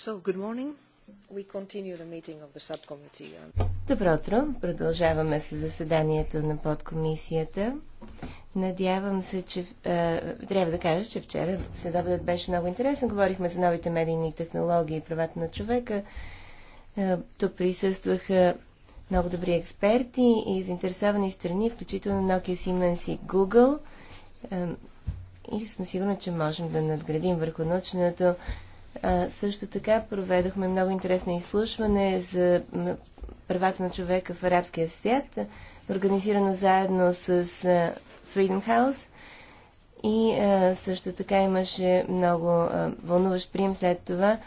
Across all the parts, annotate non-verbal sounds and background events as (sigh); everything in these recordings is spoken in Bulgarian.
Uh, Добро утро! Продължаваме с заседанието на подкомисията. Надявам се, че е, трябва да кажа, че вчера следобедът беше много интересен. Говорихме за новите медийни технологии и правата на човека. Е, тук присъстваха много добри експерти и заинтересовани страни, включително Nokia, Siemens и Google. Е, и съм сигурна, че можем да надградим върху научното а, също така проведохме много интересно изслушване за правата на човека в арабския свят, организирано заедно с Freedom House. И а, също така имаше много а, вълнуващ прием след това,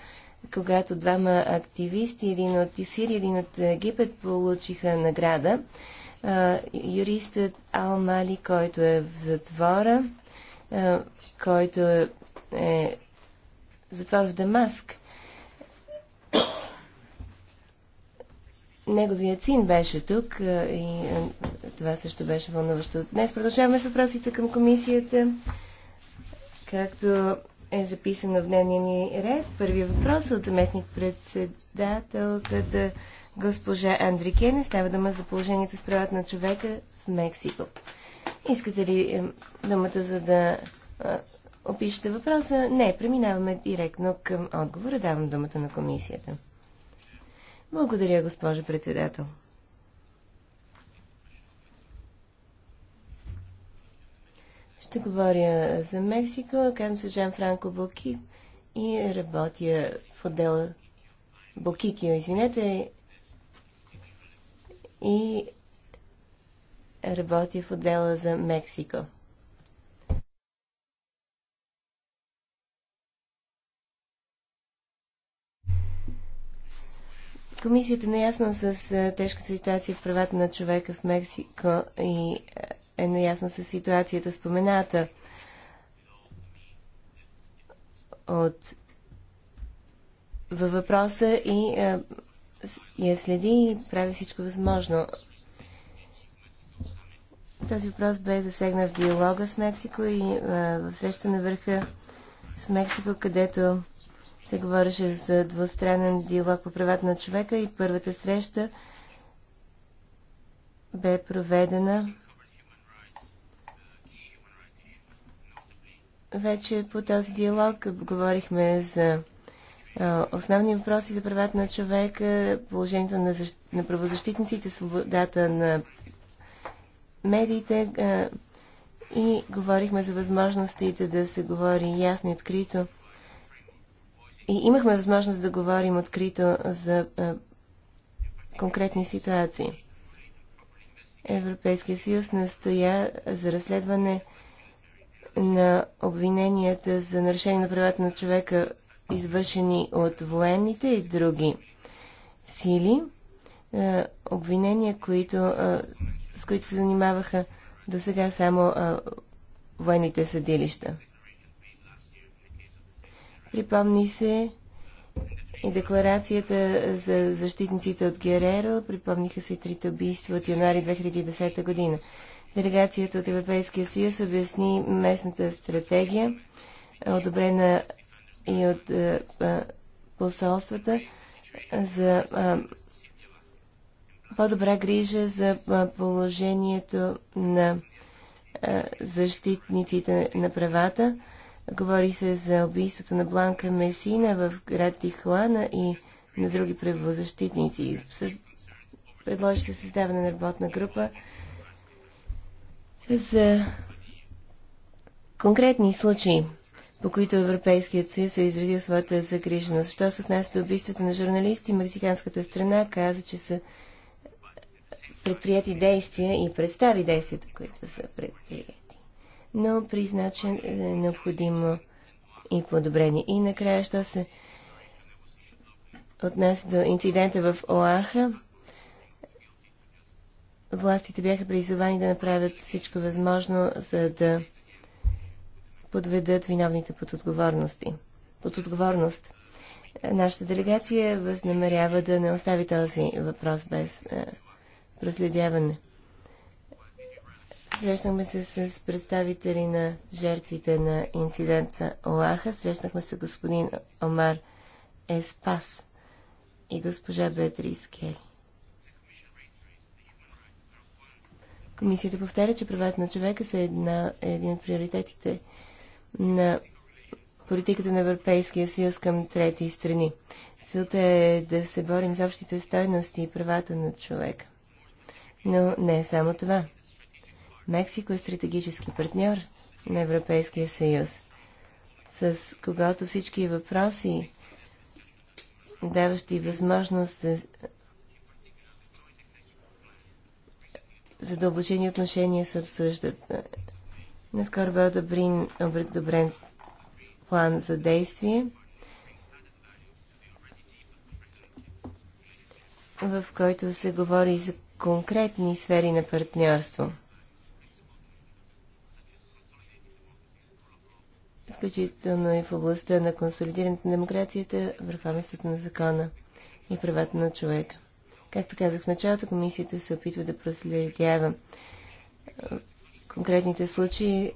когато двама активисти, един от Сирия, един от Египет, получиха награда. А, юристът Ал Мали, който е в затвора, а, който е затвор в Дамаск. Неговият син беше тук и това също беше вълнуващо. Днес продължаваме с въпросите към комисията. Както е записано в дневния ни ред, Първи въпрос е от заместник председателката госпожа Андрикене. Става дума за положението с правата на човека в Мексико. Искате ли думата, за да опишете въпроса? Не, преминаваме директно към отговора. Давам думата на комисията. Благодаря, госпожо председател. Ще говоря за Мексико. Казвам се Жан Франко Боки и работя в отдела Бокикио, извинете. И работя в отдела за Мексико. Комисията наясно с тежката ситуация в правата на човека в Мексико и е наясно с ситуацията спомената от във въпроса и я следи и прави всичко възможно. Този въпрос бе засегнат в диалога с Мексико и в среща на върха с Мексико, където се говореше за двустранен диалог по правата на човека и първата среща бе проведена вече по този диалог. Говорихме за основни въпроси за правата на човека, положението на, защ... на правозащитниците, свободата на медиите и говорихме за възможностите да се говори ясно и открито и имахме възможност да говорим открито за а, конкретни ситуации. Европейския съюз настоя за разследване на обвиненията за нарушение на правата на човека, извършени от военните и други сили. А, обвинения, които, а, с които се занимаваха до сега само военните съдилища. Припомни се и декларацията за защитниците от Гереро, припомниха се и трите убийства от януари 2010 година. Делегацията от Европейския съюз обясни местната стратегия, одобрена и от е, е, посолствата за е, по-добра грижа за положението на защитниците на правата Говори се за убийството на Бланка Месина в град Тихуана и на други правозащитници. Предложи се създаване на работна група за конкретни случаи, по които Европейският съюз е изразил своята загриженост. Що се отнася до убийството на журналисти, мексиканската страна каза, че са предприяти действия и представи действията, които са предприяти но призна, че е необходимо и подобрение. И накрая, що се отнася до инцидента в Оаха, властите бяха призовани да направят всичко възможно, за да подведат виновните под отговорности. Под отговорност. Нашата делегация възнамерява да не остави този въпрос без е, проследяване. Срещнахме се с представители на жертвите на инцидента Олаха. Срещнахме се господин Омар Еспас и госпожа Беатрис Кели. Комисията повтаря, че правата на човека са една, един от приоритетите на политиката на Европейския съюз към трети страни. Целта е да се борим с общите стойности и правата на човека. Но не е само това. Мексико е стратегически партньор на Европейския съюз, с когато всички въпроси, даващи възможност за задълбочени отношения, се обсъждат. Наскоро бе одобрен, одобрен план за действие, в който се говори за конкретни сфери на партньорство – включително и в областта на консолидирането на демокрацията, върховенството на закона и правата на човека. Както казах в началото, комисията се опитва да проследява е, конкретните случаи, е,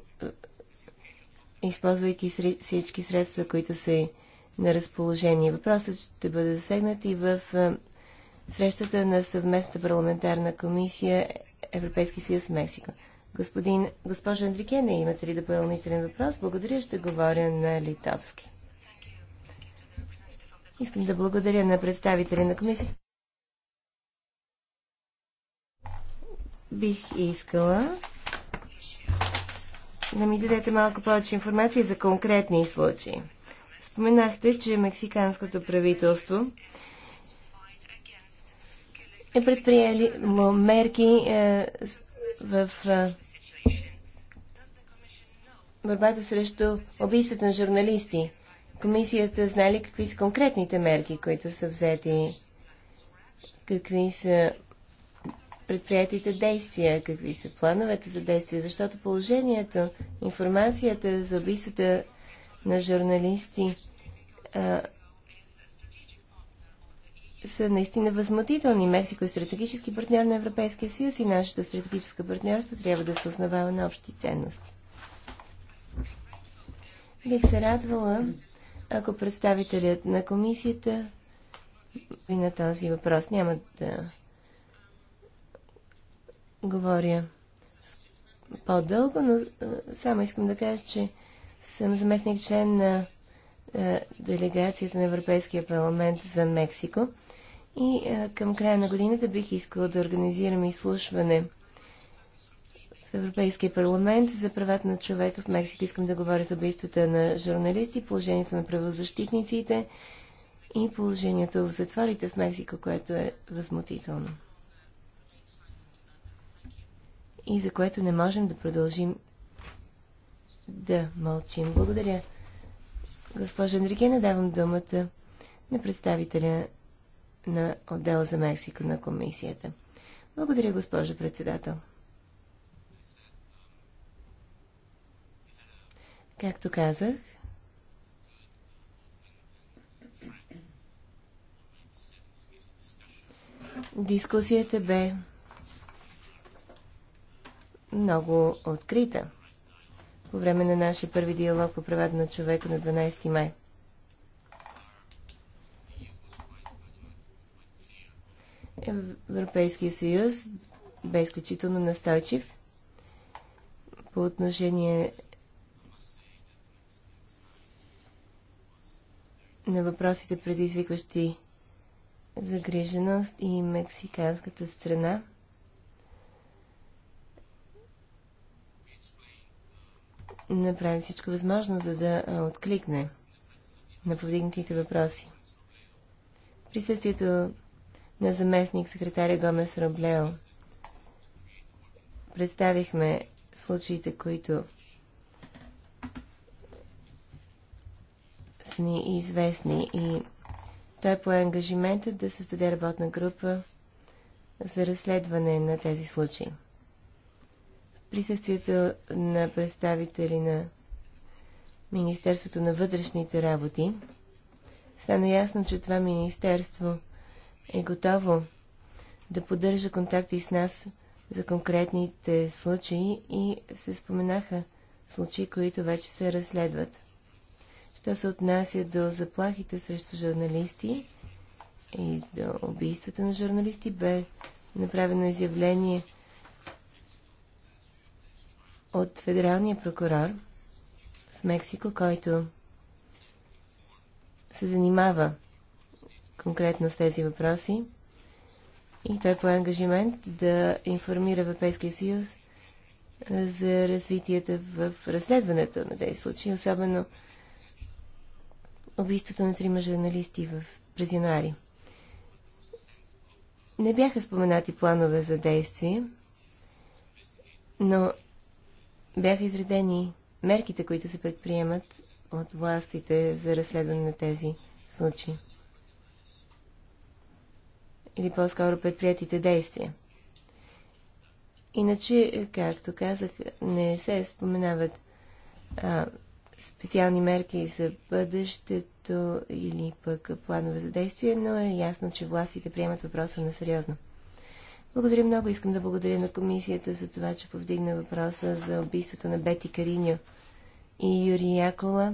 използвайки всички средства, които са и на разположение. Въпросът ще бъде засегнат и в е, срещата на съвместната парламентарна комисия Европейски съюз Мексика. Господин, госпожа Андрикена, имате ли допълнителен въпрос? Благодаря, ще говоря на литовски. Искам да благодаря на представители на комисията. Бих искала да ми дадете малко повече информация за конкретни случаи. Споменахте, че мексиканското правителство е предприело мерки е, с в борбата срещу убийствата на журналисти. Комисията знае ли какви са конкретните мерки, които са взети? Какви са предприятите действия? Какви са плановете за действия? Защото положението, информацията за убийствата на журналисти са наистина възмутителни. Мексико е стратегически партньор на Европейския съюз и нашето стратегическо партньорство трябва да се основава на общи ценности. Бих се радвала, ако представителят на комисията и на този въпрос няма да говоря по-дълго, но само искам да кажа, че съм заместник член на е, делегацията на Европейския парламент за Мексико. И е, към края на годината бих искала да организирам изслушване в Европейския парламент за правата на човека в Мексико. Искам да говоря за убийствата на журналисти, положението на правозащитниците и положението в затворите в Мексико, което е възмутително. И за което не можем да продължим да мълчим. Благодаря. Госпожа Андригена, давам думата на представителя на отдела за Мексико на комисията. Благодаря, госпожа председател. Както казах, дискусията бе много открита по време на нашия първи диалог по правата на човека на 12 май. Европейския съюз бе изключително настойчив по отношение на въпросите предизвикващи загриженост и мексиканската страна – направи всичко възможно, за да откликне на повдигнатите въпроси. Присъствието на заместник секретаря Гомес Роблео представихме случаите, които са ни известни и той пое ангажимента да създаде работна група за разследване на тези случаи присъствието на представители на Министерството на вътрешните работи. Стана ясно, че това министерство е готово да поддържа контакти с нас за конкретните случаи и се споменаха случаи, които вече се разследват. Що се отнася до заплахите срещу журналисти и до убийствата на журналисти, бе направено изявление – от федералния прокурор в Мексико, който се занимава конкретно с тези въпроси. И той по ангажимент да информира Европейския съюз за развитията в разследването на тези случаи, особено убийството на трима журналисти в, през януари. Не бяха споменати планове за действие, но бяха изредени мерките, които се предприемат от властите за разследване на тези случаи. Или по-скоро предприятите действия. Иначе, както казах, не се споменават а, специални мерки за бъдещето или пък планове за действие, но е ясно, че властите приемат въпроса на сериозно. Благодаря много. Искам да благодаря на комисията за това, че повдигна въпроса за убийството на Бети Кариньо и Юрий Якола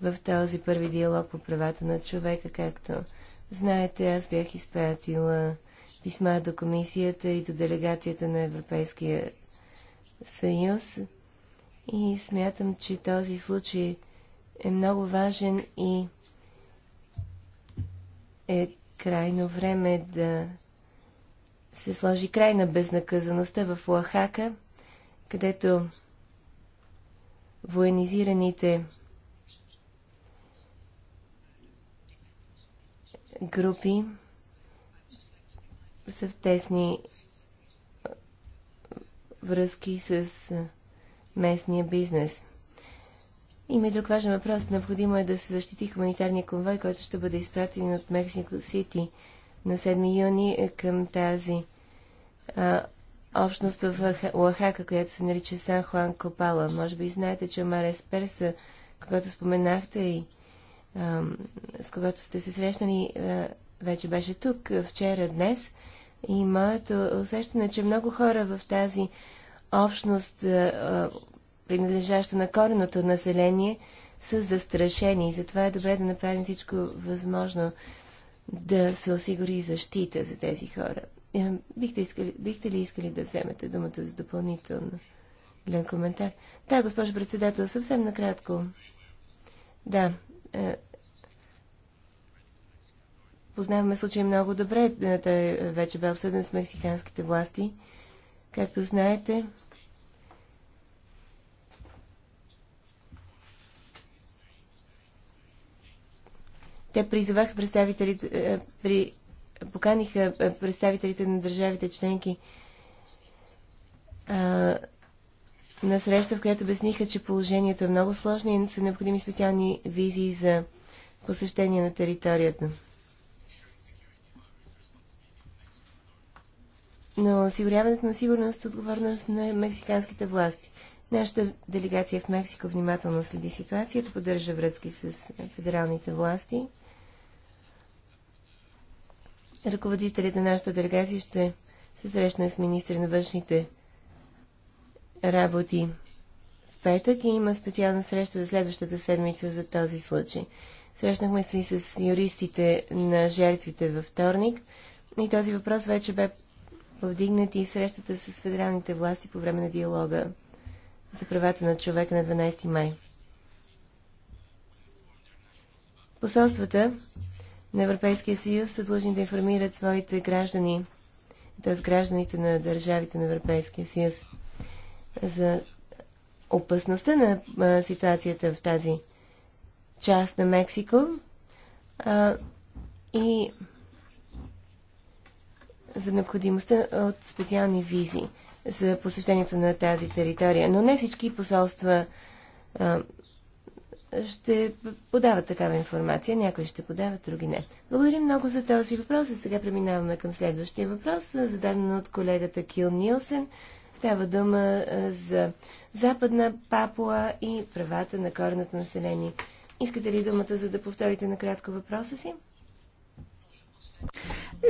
в този първи диалог по правата на човека, както знаете, аз бях изпратила писма до комисията и до делегацията на Европейския съюз и смятам, че този случай е много важен и е крайно време да се сложи край на безнаказаността в Лахака, където военизираните групи са в тесни връзки с местния бизнес. Има и друг важен въпрос. Необходимо е да се защити хуманитарния конвой, който ще бъде изпратен от Мексико Сити на 7 юни е към тази а, общност в Лахака, която се нарича Сан Хуан Копала. Може би знаете, че Марес Перса, когато споменахте и а, с когато сте се срещнали, а, вече беше тук вчера, днес. И моето усещане, е, че много хора в тази общност, а, принадлежаща на кореното население, са застрашени. И затова е добре да направим всичко възможно да се осигури защита за тези хора. Е, бихте, искали, бихте ли искали да вземете думата за допълнително глен коментар? Да, госпожо председател, съвсем накратко. Да, е, познаваме случай много добре. Е, той вече бе обсъден с мексиканските власти. Както знаете, Те призоваха представителите, е, при, поканиха е, представителите на държавите членки а, на среща, в която обясниха, че положението е много сложно и са необходими специални визии за посещение на територията. Но осигуряването на сигурност е отговорност на мексиканските власти. Нашата делегация в Мексико внимателно следи ситуацията, поддържа връзки с федералните власти ръководителят на нашата делегация ще се срещне с министри на външните работи в петък и има специална среща за следващата седмица за този случай. Срещнахме се и с юристите на жертвите във вторник и този въпрос вече бе повдигнат и в срещата с федералните власти по време на диалога за правата на човека на 12 май. Посолствата на Европейския съюз са длъжни да информират своите граждани, т.е. гражданите на държавите на Европейския съюз, за опасността на ситуацията в тази част на Мексико а, и за необходимостта от специални визи за посещението на тази територия. Но не всички посолства а, ще подават такава информация, някои ще подават, други не. Благодарим много за този въпрос, а сега преминаваме към следващия въпрос, зададен от колегата Кил Нилсен. Става дума за Западна Папуа и правата на корното население. Искате ли думата, за да повторите накратко въпроса си?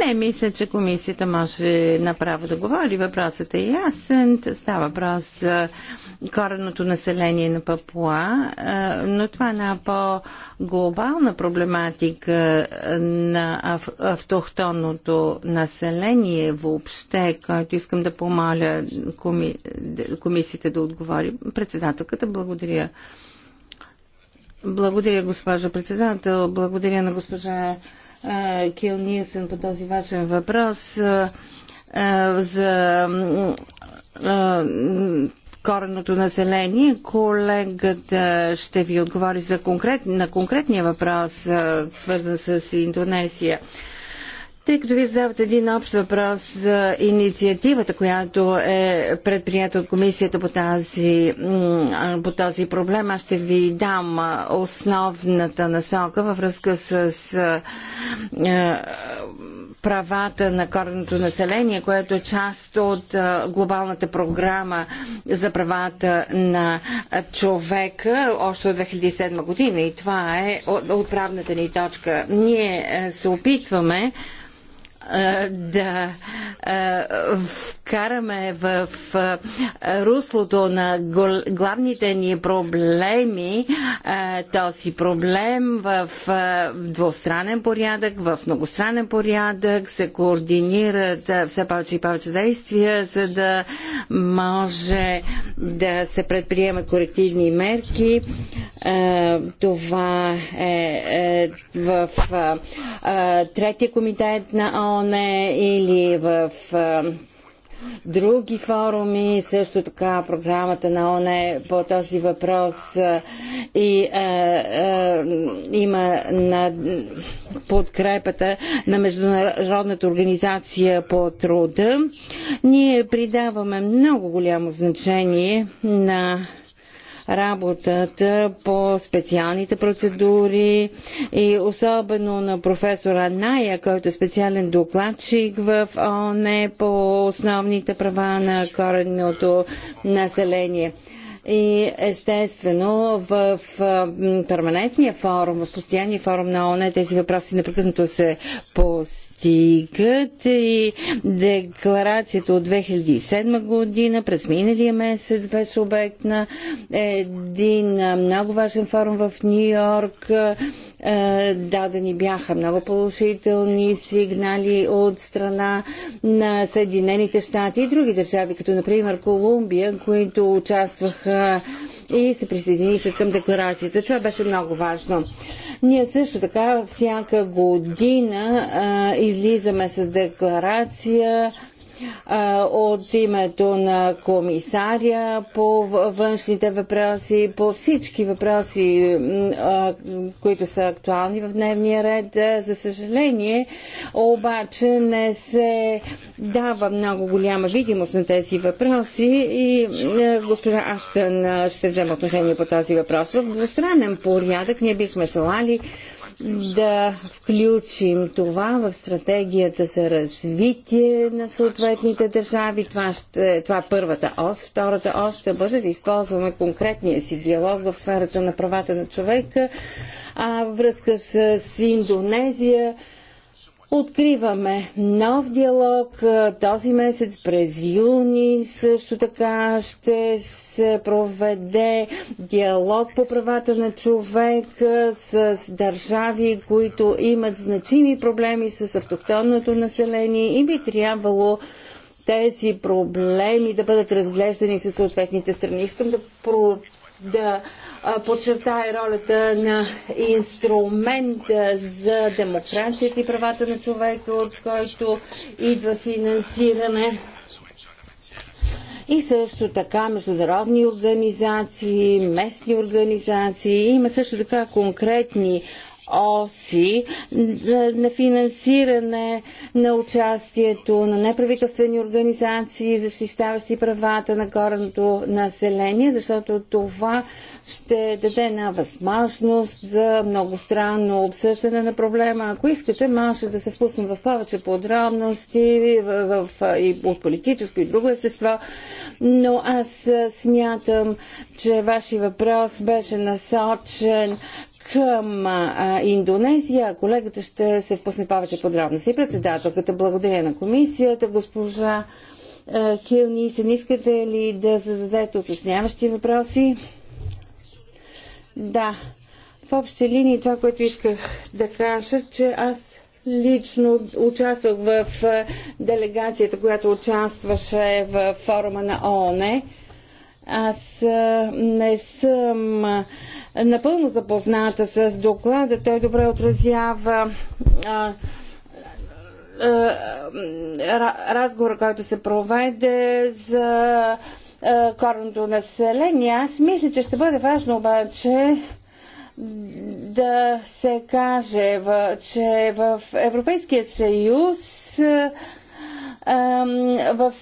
Не, мисля, че комисията може направо да говори. Въпросът е ясен. Става въпрос за коренното население на Папуа, но това е една по-глобална проблематика на автохтонното население въобще, който искам да помоля коми... комисията да отговори. Председателката, благодаря. Благодаря, госпожа председател. Благодаря на госпожа Кил Нилсен по този важен въпрос за коренното население. Колегата ще ви отговори за конкрет, на конкретния въпрос, свързан с Индонезия. Тъй като ви задават един общ въпрос за инициативата, която е предприята от комисията по, тази, по този проблем, аз ще ви дам основната насока във връзка с, е, правата на коренното население, което е част от е, глобалната програма за правата на човека още от 2007 година. И това е отправната ни точка. Ние е, се опитваме да вкараме в руслото на главните ни проблеми този проблем в двустранен порядък, в многостранен порядък, се координират все повече и повече действия, за да може да се предприемат корективни мерки. Това е, е в третия комитет на ООН ОНЕ или в други форуми, също така програмата на ОНЕ по този въпрос и а, а, има на подкрепата на Международната организация по труда. Ние придаваме много голямо значение на работата по специалните процедури и особено на професора Ная, който е специален докладчик в ОНЕ по основните права на коренното население и естествено в перманентния форум, в постоянния форум на ОНЕ тези въпроси непрекъснато се поставят политиката и декларацията от 2007 година през миналия месец беше обект на един много важен форум в Нью Йорк. Е, дадени бяха много положителни сигнали от страна на Съединените щати и други държави, като например Колумбия, които участваха и се присъединиха към декларацията. Това беше много важно. Ние също така всяка година а, излизаме с декларация от името на комисаря по външните въпроси, по всички въпроси, които са актуални в дневния ред. За съжаление, обаче не се дава много голяма видимост на тези въпроси и госпожа Аштън ще взема отношение по този въпрос. В двустранен порядък ние бихме желали да включим това в стратегията за развитие на съответните държави. Това, ще, това е първата ос. Втората ос ще бъде да използваме конкретния си диалог в сферата на правата на човека. А връзка с Индонезия Откриваме нов диалог. Е, този месец през юни също така ще се проведе диалог по правата на човека с държави, които имат значими проблеми с автохтонното население и би трябвало тези проблеми да бъдат разглеждани със съответните страни. Искам да, про... да подчертая ролята на инструмент за демокрацията и правата на човека, от който идва финансиране и също така международни организации, местни организации. Има също така конкретни оси на финансиране на участието на неправителствени организации, защищаващи правата на горното население, защото това ще даде една възможност за многостранно обсъждане на проблема. Ако искате, може да се впуснем в повече подробности в, в, и от политическо и друго естество, но аз смятам, че вашия въпрос беше насочен към а, Индонезия. Колегата ще се впусне повече подробно си. Председателката благодаря на комисията, госпожа а, Килни. Се не искате ли да зададете уточняващи въпроси? Да. В общи линии това, което исках да кажа, че аз лично участвах в делегацията, която участваше в форума на ООН. Аз не съм напълно запозната с доклада. Той добре отразява а, а, разговора, който се проведе за корното население. Аз мисля, че ще бъде важно обаче да се каже, че в Европейския съюз в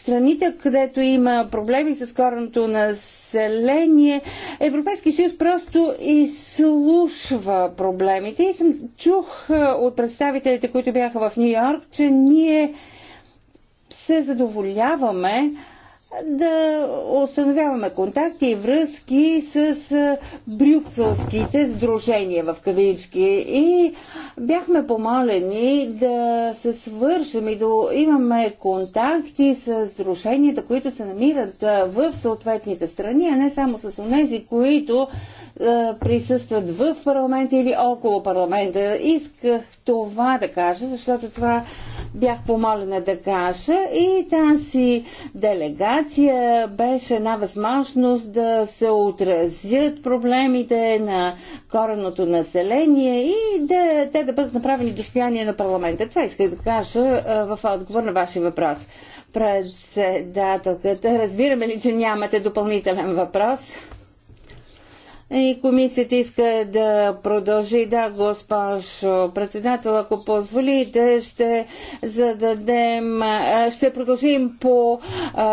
страните, където има проблеми с корното население, Европейски съюз просто изслушва проблемите. И съм чух е, от представителите, които бяха в Нью Йорк, че ние се задоволяваме да установяваме контакти и връзки с брюкселските сдружения в кавички и бяхме помолени да се свършим и да имаме контакти с сдруженията, които се намират в съответните страни, а не само с онези, които присъстват в парламента или около парламента. Исках това да кажа, защото това бях помолена да кажа и тази делегация беше една възможност да се отразят проблемите на кореното население и да, те да бъдат направени достояние на парламента. Това исках да кажа в отговор на вашия въпрос. Председателката, разбираме ли, че нямате допълнителен въпрос? И комисията иска да продължи. Да, госпожо председател, ако позволите, ще зададем, ще продължим по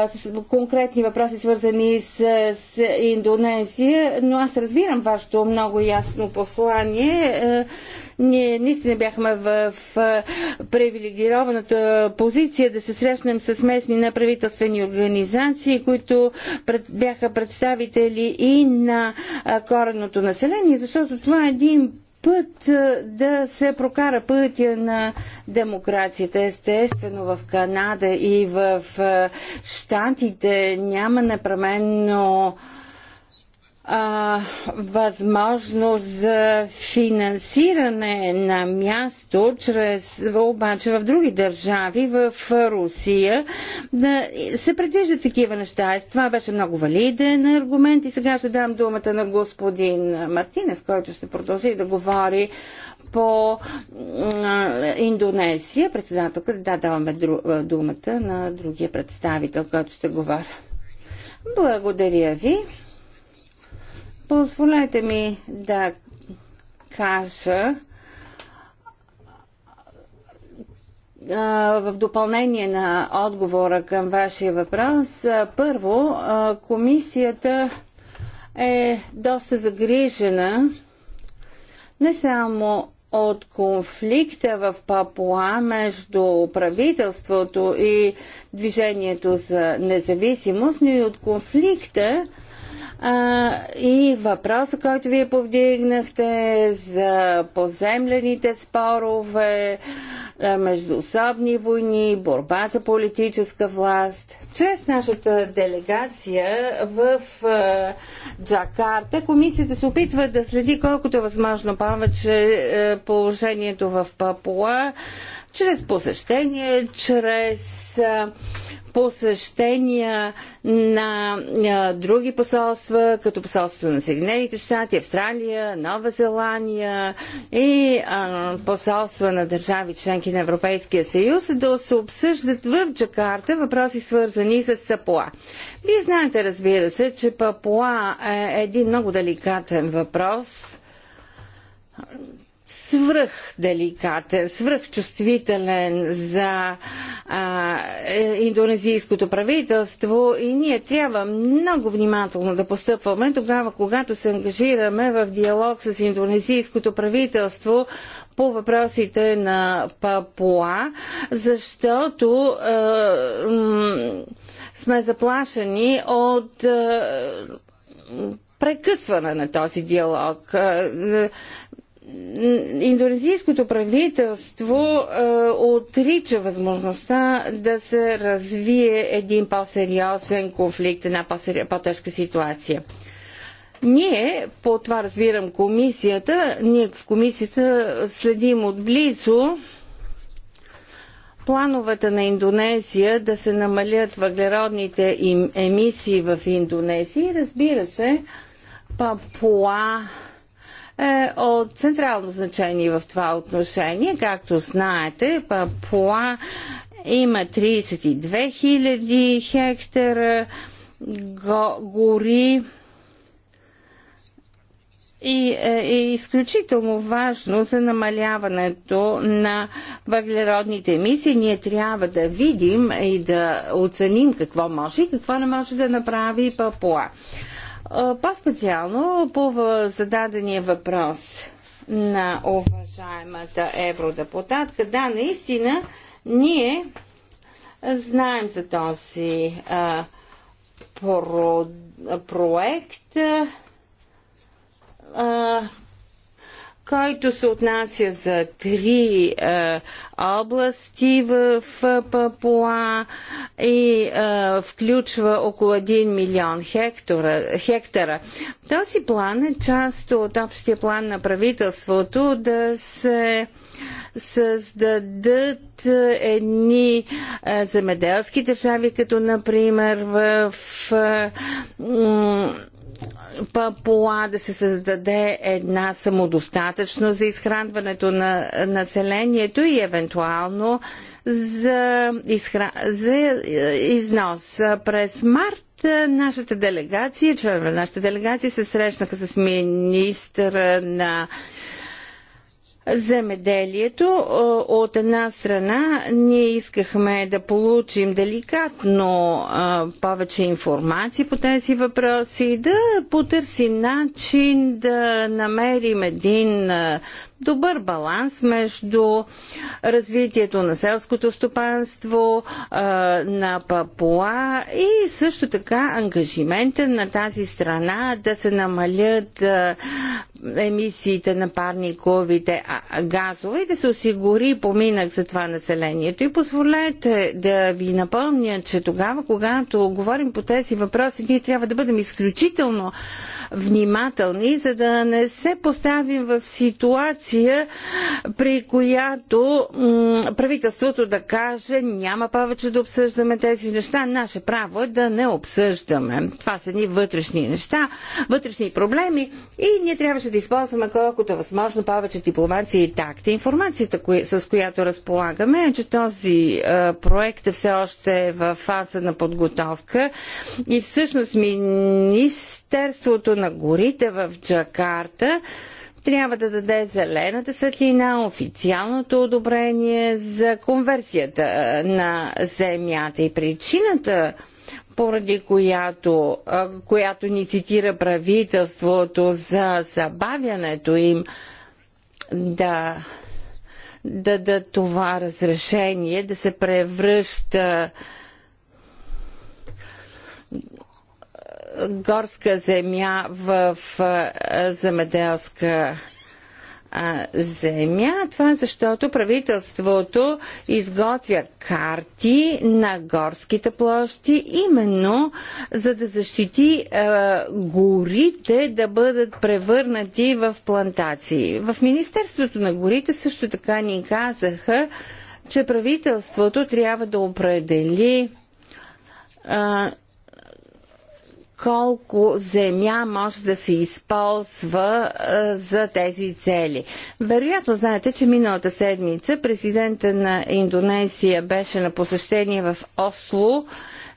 с, конкретни въпроси, свързани с, с Индонезия, но аз разбирам вашето много ясно послание. Ние наистина бяхме в привилегированата позиция да се срещнем с местни неправителствени организации, които бяха представители и на коренното население, защото това е един път да се прокара пътя на демокрацията. Естествено, в Канада и в Штатите няма непременно а, възможност за финансиране на място, чрез, обаче в други държави, в Русия, да се предвиждат такива неща. Това беше много валиден аргумент и сега ще дам думата на господин Мартинес, който ще продължи да говори по Индонезия. Председателка, да, даваме думата на другия представител, който ще говоря. Благодаря ви. Позволете ми да кажа в допълнение на отговора към вашия въпрос. Първо, комисията е доста загрижена не само от конфликта в Папуа между правителството и движението за независимост, но и от конфликта а, и въпроса, който вие повдигнахте за поземлените спорове, междуособни войни, борба за политическа власт. Чрез нашата делегация в а, Джакарта комисията се опитва да следи колкото е възможно повече положението в Папуа чрез посещение, чрез посещения на други посолства, като посолството на Съединените щати, Австралия, Нова Зеландия и посолства на държави членки на Европейския съюз, да се обсъждат в Джакарта въпроси свързани с Сапуа. Вие знаете, разбира се, че Папуа е един много деликатен въпрос свръхделикатен, чувствителен за а, е, индонезийското правителство и ние трябва много внимателно да постъпваме тогава, когато се ангажираме в диалог с индонезийското правителство по въпросите на Папуа, защото а, е, сме заплашени от а, е, прекъсване на този диалог индонезийското правителство е, отрича възможността да се развие един по-сериозен конфликт, една по-тежка ситуация. Ние, по това разбирам комисията, ние в комисията следим отблизо плановете на Индонезия да се намалят въглеродните им емисии в Индонезия. Разбира се, Папуа е от централно значение в това отношение. Както знаете, Папуа има 32 000 хектара гори и е, е изключително важно за намаляването на въглеродните емисии. Ние трябва да видим и да оценим какво може и какво не може да направи Папуа. По-специално по зададения въпрос на уважаемата евродепутатка. Да, наистина, ние знаем за този а, про, проект. А, който се отнася за три е, области в, в е, Папуа и е, включва около 1 милион хектора, хектара. Този план е част от общия план на правителството да се създадат едни е, земеделски държави, като например в е, Папуа да се създаде една самодостатъчност за изхранването на населението и евентуално за, изхра... за е, износ. През март е, нашата делегация, членове на нашата делегация се срещнаха с министъра на земеделието. От една страна ние искахме да получим деликатно повече информация по тези въпроси, да потърсим начин да намерим един добър баланс между развитието на селското стопанство, на Папуа и също така ангажимента на тази страна да се намалят емисиите на парниковите газове и да се осигури поминък за това населението. И позволете да ви напомня, че тогава, когато говорим по тези въпроси, ние трябва да бъдем изключително внимателни, за да не се поставим в ситуация, ситуация, при която правителството да каже няма повече да обсъждаме тези неща, наше право е да не обсъждаме. Това са ни вътрешни неща, вътрешни проблеми и ние трябваше да използваме колкото е възможно повече дипломация и такти. Информацията, с която разполагаме е, че този е, проект е все още в фаза на подготовка и всъщност Министерството на горите в Джакарта трябва да даде зелената светлина, официалното одобрение за конверсията на земята. И причината, поради която, която ни цитира правителството за забавянето им да дадат това разрешение, да се превръща горска земя в земеделска земя. Това е защото правителството изготвя карти на горските площи, именно за да защити е, горите да бъдат превърнати в плантации. В Министерството на горите също така ни казаха, че правителството трябва да определи е, колко земя може да се използва е, за тези цели. Вероятно знаете, че миналата седмица президента на Индонезия беше на посещение в Осло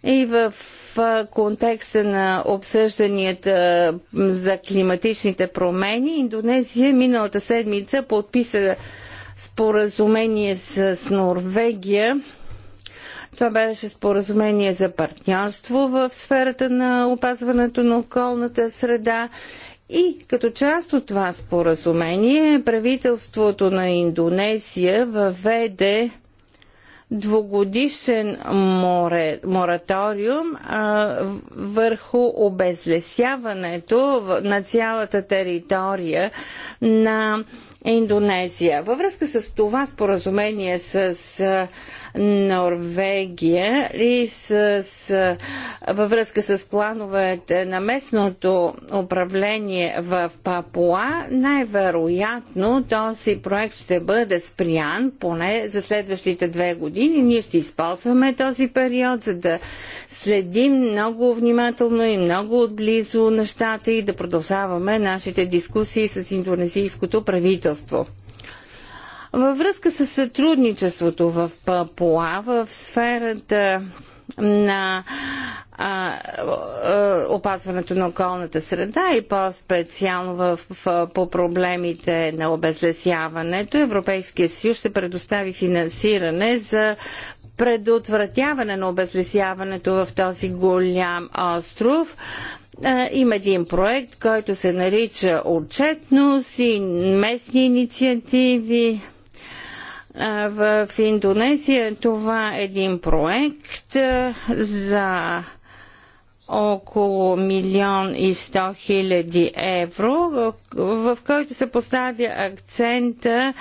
и в е, контекста на обсъжданията за климатичните промени, Индонезия миналата седмица подписа споразумение с Норвегия това беше споразумение за партньорство в сферата на опазването на околната среда и като част от това споразумение, правителството на Индонезия въведе двогодишен море, мораториум а, върху обезлесяването на цялата територия на Индонезия. Във връзка с това споразумение с а, Норвегия и с, с, във връзка с плановете на местното управление в Папуа, най-вероятно този проект ще бъде спрян поне за следващите две години. Ние ще използваме този период, за да следим много внимателно и много отблизо нещата и да продължаваме нашите дискусии с индонезийското правителство. Във връзка с сътрудничеството в Папуа, в сферата на а, а, опазването на околната среда и по-специално в, в, по проблемите на обезлесяването, Европейския съюз ще предостави финансиране за предотвратяване на обезлесяването в този голям остров. Има един проект, който се нарича отчетност и местни инициативи в Индонезия това е един проект за около милион и сто хиляди евро, в който се поставя акцента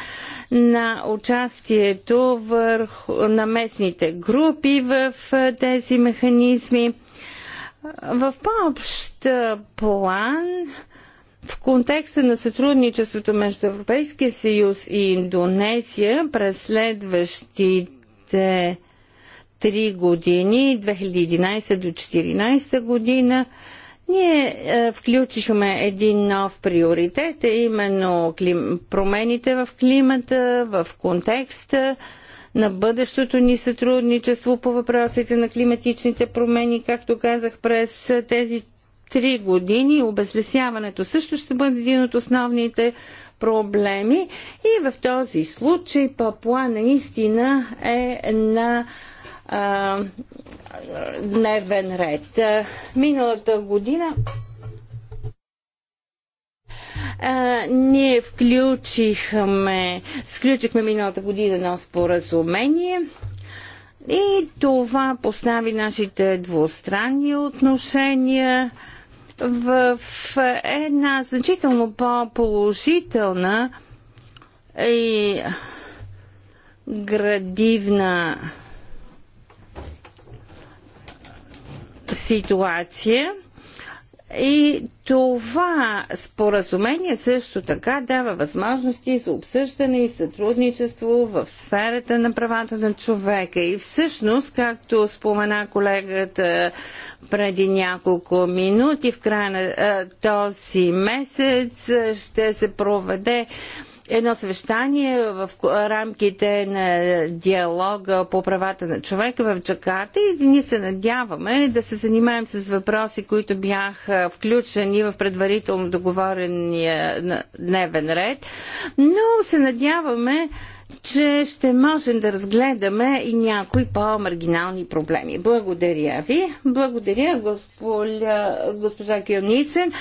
на участието върху, на местните групи в тези механизми. В по-общ план в контекста на сътрудничеството между Европейския съюз и Индонезия през следващите три години, 2011 до 2014 година, ние е, включихме един нов приоритет, е именно клим... промените в климата, в контекста на бъдещото ни сътрудничество по въпросите на климатичните промени, както казах, през тези три години. Обезлесяването също ще бъде един от основните проблеми. И в този случай Папуа наистина е на а, дневен ред. Миналата година а, ние включихме, сключихме миналата година едно споразумение и това постави нашите двустранни отношения в една значително по-положителна и градивна ситуация – и това споразумение също така дава възможности за обсъждане и сътрудничество в сферата на правата на човека. И всъщност, както спомена колегата преди няколко минути, в края на този месец ще се проведе едно съвещание в рамките на диалога по правата на човека в Джакарта и ние се надяваме да се занимаем с въпроси, които бяха включени в предварително договорения дневен ред, но се надяваме че ще можем да разгледаме и някои по-маргинални проблеми. Благодаря ви. Благодаря, госпожа, госпожа Кионисен.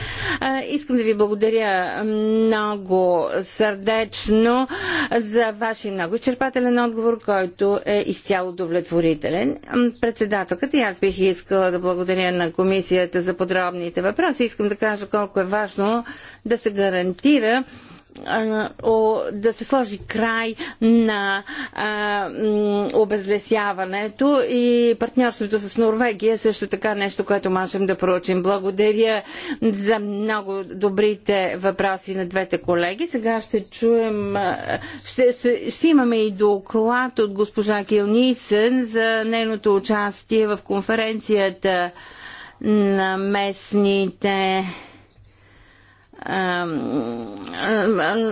Искам да ви благодаря много сърдечно за вашия много черпателен отговор, който е изцяло удовлетворителен. Председателката и аз бих искала да благодаря на комисията за подробните въпроси. Искам да кажа колко е важно да се гарантира да се сложи край на обезлесяването и партньорството с Норвегия е също така нещо, което можем да проучим. Благодаря за много добрите въпроси на двете колеги. Сега ще чуем, ще, ще, ще имаме и доклад от госпожа Килнисен за нейното участие в конференцията на местните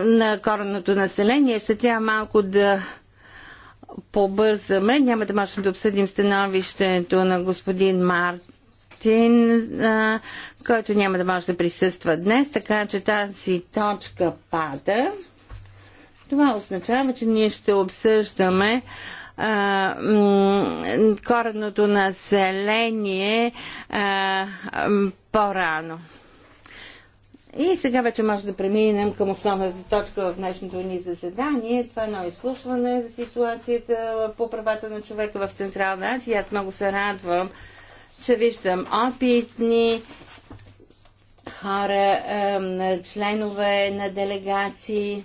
на коренното население. Ще трябва малко да побързаме. Няма да можем да обсъдим становището на господин Мартин, който няма да може да присъства днес, така че тази точка пада. Това означава, че ние ще обсъждаме коренното население по-рано. И сега вече може да преминем към основната точка в днешното ни заседание. Това е едно изслушване за ситуацията по правата на човека в Централна Азия. Аз много се радвам, че виждам опитни хора, членове на делегации.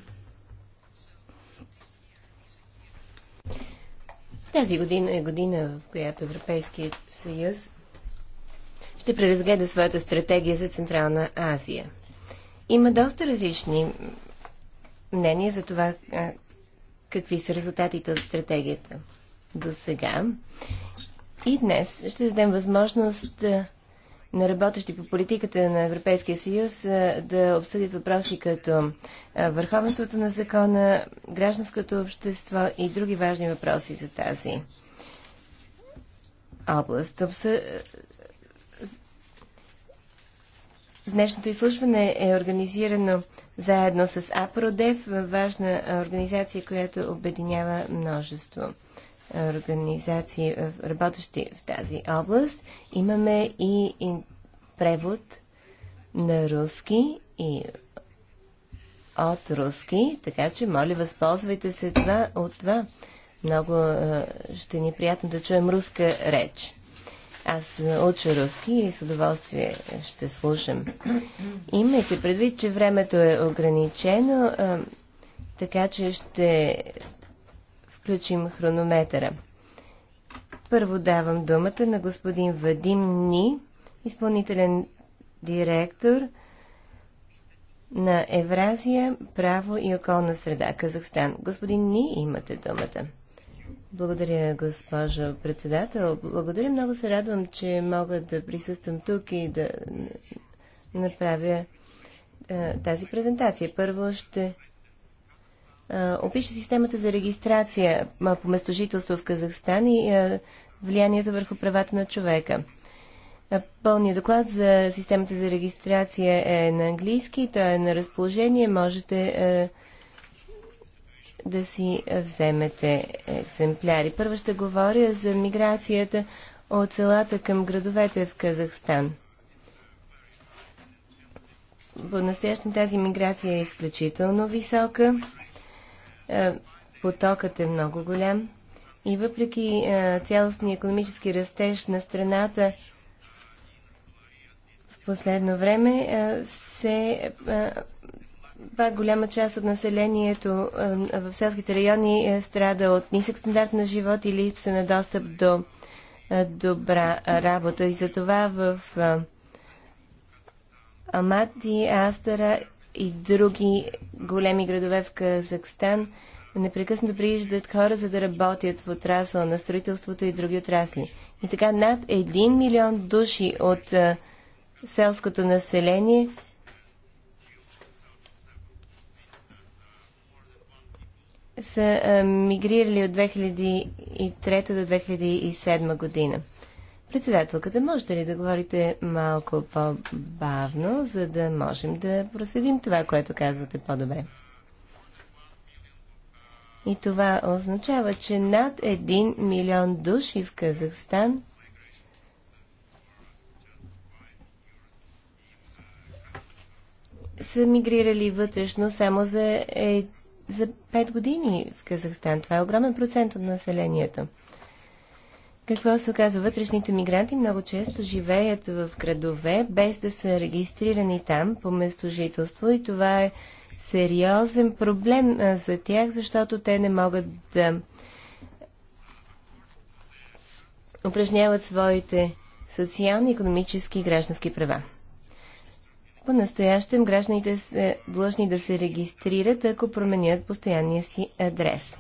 Тази година е година, в която Европейският съюз ще преразгледа своята стратегия за Централна Азия – има доста различни мнения за това какви са резултатите от стратегията до сега. И днес ще дадем възможност на работещи по политиката на Европейския съюз да обсъдят въпроси като върховенството на закона, гражданското общество и други важни въпроси за тази област. Днешното изслушване е организирано заедно с АПРОДЕВ, важна организация, която обединява множество е, организации, е, работещи в тази област. Имаме и превод на руски и от руски, така че, моля, възползвайте се това, от това. Много е, ще ни е приятно да чуем руска реч. Аз уча руски и с удоволствие ще слушам. Имайте предвид, че времето е ограничено, а, така че ще включим хронометъра. Първо давам думата на господин Вадим Ни, изпълнителен директор на Евразия, право и околна среда, Казахстан. Господин Ни, имате думата. Благодаря, госпожо председател. Благодаря, много се радвам, че мога да присъствам тук и да направя е, тази презентация. Първо ще е, опиша системата за регистрация по местожителство в Казахстан и е, влиянието върху правата на човека. Пълният доклад за системата за регистрация е на английски, той е на разположение, можете да си вземете екземпляри. Първо ще говоря за миграцията от селата към градовете в Казахстан. По-настоящем тази миграция е изключително висока, е, потокът е много голям и въпреки е, цялостния економически растеж на страната в последно време е, се пак голяма част от населението в селските райони е, страда от нисък стандарт на живот и липса на достъп до добра работа. И затова в Амати, Астара и други големи градове в Казахстан непрекъснато прииждат хора, за да работят в отрасъл на строителството и други отрасли. И така над 1 милион души от селското население – са мигрирали от 2003 до 2007 година. Председателката, можете ли да говорите малко по-бавно, за да можем да проследим това, което казвате по-добре? И това означава, че над 1 милион души в Казахстан са мигрирали вътрешно само за за 5 години в Казахстан. Това е огромен процент от населението. Какво се оказва? Вътрешните мигранти много често живеят в градове, без да са регистрирани там по местожителство и това е сериозен проблем за тях, защото те не могат да упражняват своите социални, економически и граждански права. По-настоящем гражданите са длъжни да се регистрират, ако променят постоянния си адрес.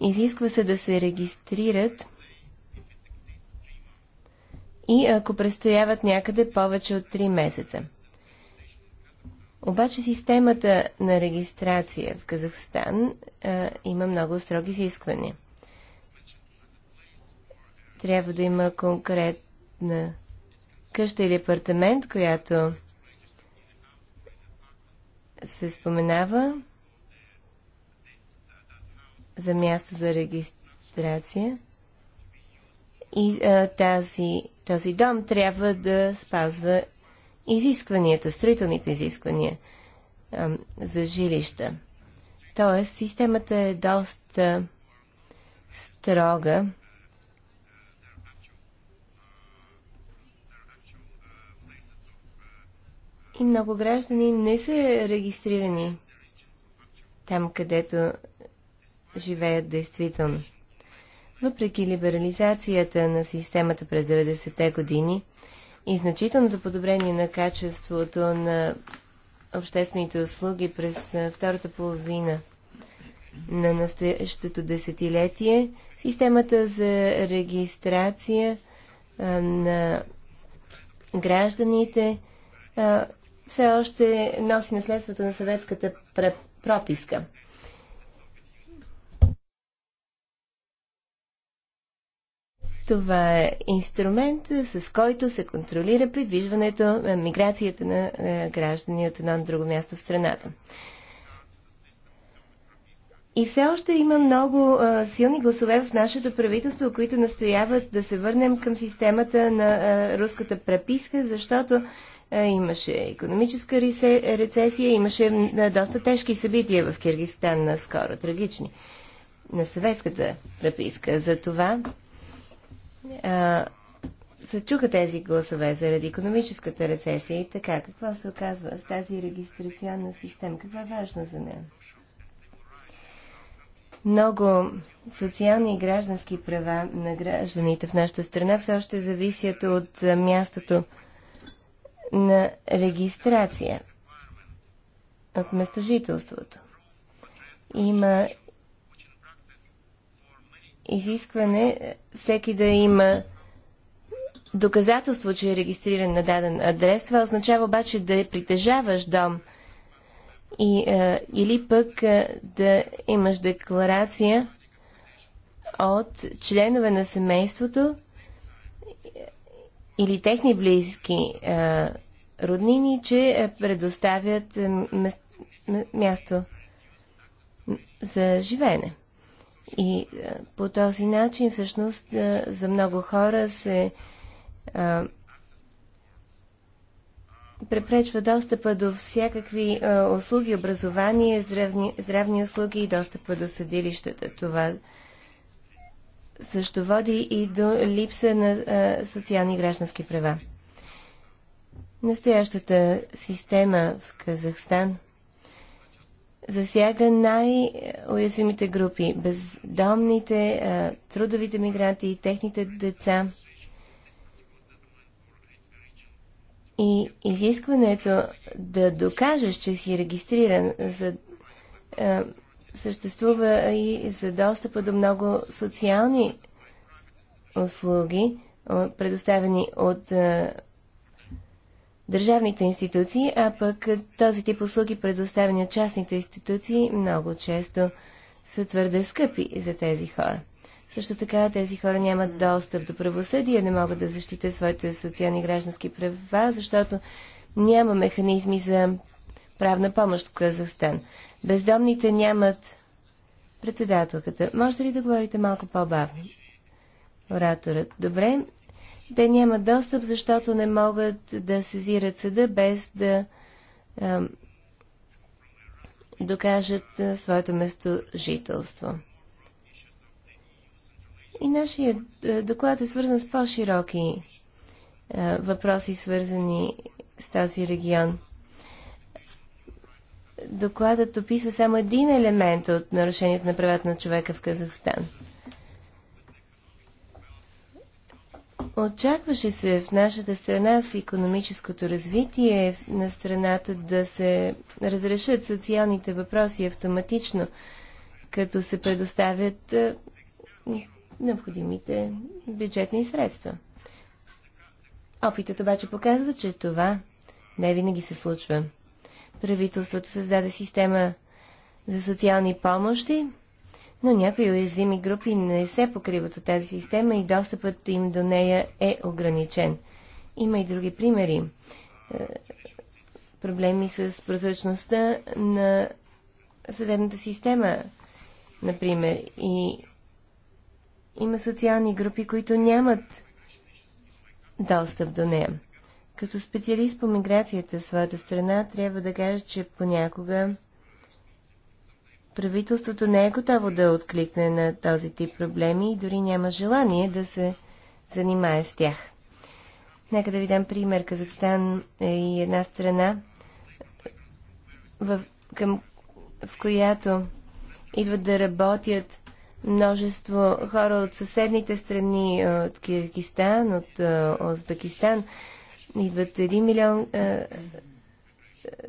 Изисква се да се регистрират и ако престояват някъде повече от 3 месеца. Обаче системата на регистрация в Казахстан а, има много строги изисквания. Трябва да има конкретна къща или апартамент, която се споменава за място за регистрация и а, тази, този дом трябва да спазва изискванията, строителните изисквания а, за жилища. Тоест, системата е доста строга и много граждани не са регистрирани там, където живеят действително. Въпреки либерализацията на системата през 90-те години и значителното подобрение на качеството на обществените услуги през втората половина на настоящото десетилетие, системата за регистрация на гражданите все още носи наследството на съветската прописка. Това е инструмент, с който се контролира придвижването, е, миграцията на е, граждани от едно на друго място в страната. И все още има много а, е, силни гласове в нашето правителство, които настояват да се върнем към системата на а, руската преписка, защото е, имаше економическа рецесия, имаше е, доста тежки събития в Киргизстан наскоро, трагични. На съветската преписка. За това се чуха тези гласове заради економическата рецесия и така. Какво се оказва с тази регистрационна система? Какво е важно за нея? Много социални и граждански права на гражданите в нашата страна все още зависят от мястото на регистрация от местожителството. Има изискване е, всеки да има доказателство, че е регистриран на даден адрес. Това означава обаче да е притежаваш дом и, а, е, или пък а, да имаш декларация от членове на семейството или техни близки а, роднини, че е, предоставят е, място за живеене. И е, по този начин всъщност за много хора се препречва достъпа до всякакви услуги, образование, здравни, здравни услуги и достъпа до съдилищата. Това също води и до липса на социални граждански права. Настоящата система в Казахстан засяга най-уязвимите групи – бездомните, трудовите мигранти и техните деца. И изискването да докажеш, че си регистриран за съществува и за достъпа до много социални услуги, предоставени от държавните институции, а пък този тип услуги, предоставени от частните институции, много често са твърде скъпи за тези хора. Също така тези хора нямат достъп до правосъдие, не могат да защитят своите социални и граждански права, защото няма механизми за правна помощ в Казахстан. Бездомните нямат председателката. Може ли да говорите малко по-бавно? Ораторът. Добре, те нямат достъп, защото не могат да сезират съда без да а, докажат своето место жителство. И нашия доклад е свързан с по-широки въпроси, свързани с този регион. Докладът описва само един елемент от нарушението на правата на човека в Казахстан – Очакваше се в нашата страна с економическото развитие на страната да се разрешат социалните въпроси автоматично, като се предоставят необходимите бюджетни средства. Опитът обаче показва, че това не винаги се случва. Правителството създаде система за социални помощи, но някои уязвими групи не се покриват от тази система и достъпът им до нея е ограничен. Има и други примери. Е, проблеми с прозрачността на съдебната система, например. И има социални групи, които нямат достъп до нея. Като специалист по миграцията в своята страна, трябва да кажа, че понякога правителството не е готово да откликне на този тип проблеми и дори няма желание да се занимае с тях. Нека да ви дам пример. Казахстан е и една страна, в, към, в която идват да работят множество хора от съседните страни, е, от Киргистан, от е, Узбекистан. Идват 1 милион е,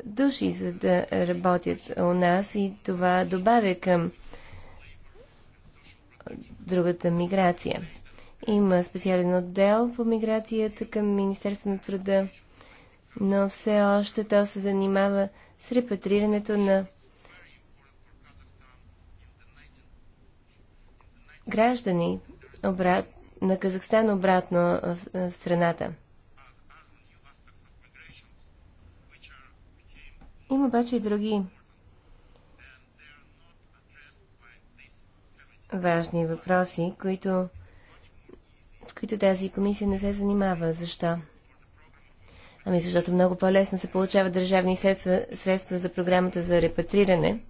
души, за да работят у нас и това добавя към другата миграция. Има специален отдел по миграцията към Министерство на труда, но все още то се занимава с репатрирането на граждани обрат, на Казахстан обратно в страната. Има обаче и други важни въпроси, които, с които тази комисия не се занимава. Защо? Ами защото много по-лесно се получават държавни средства, средства за програмата за репатриране,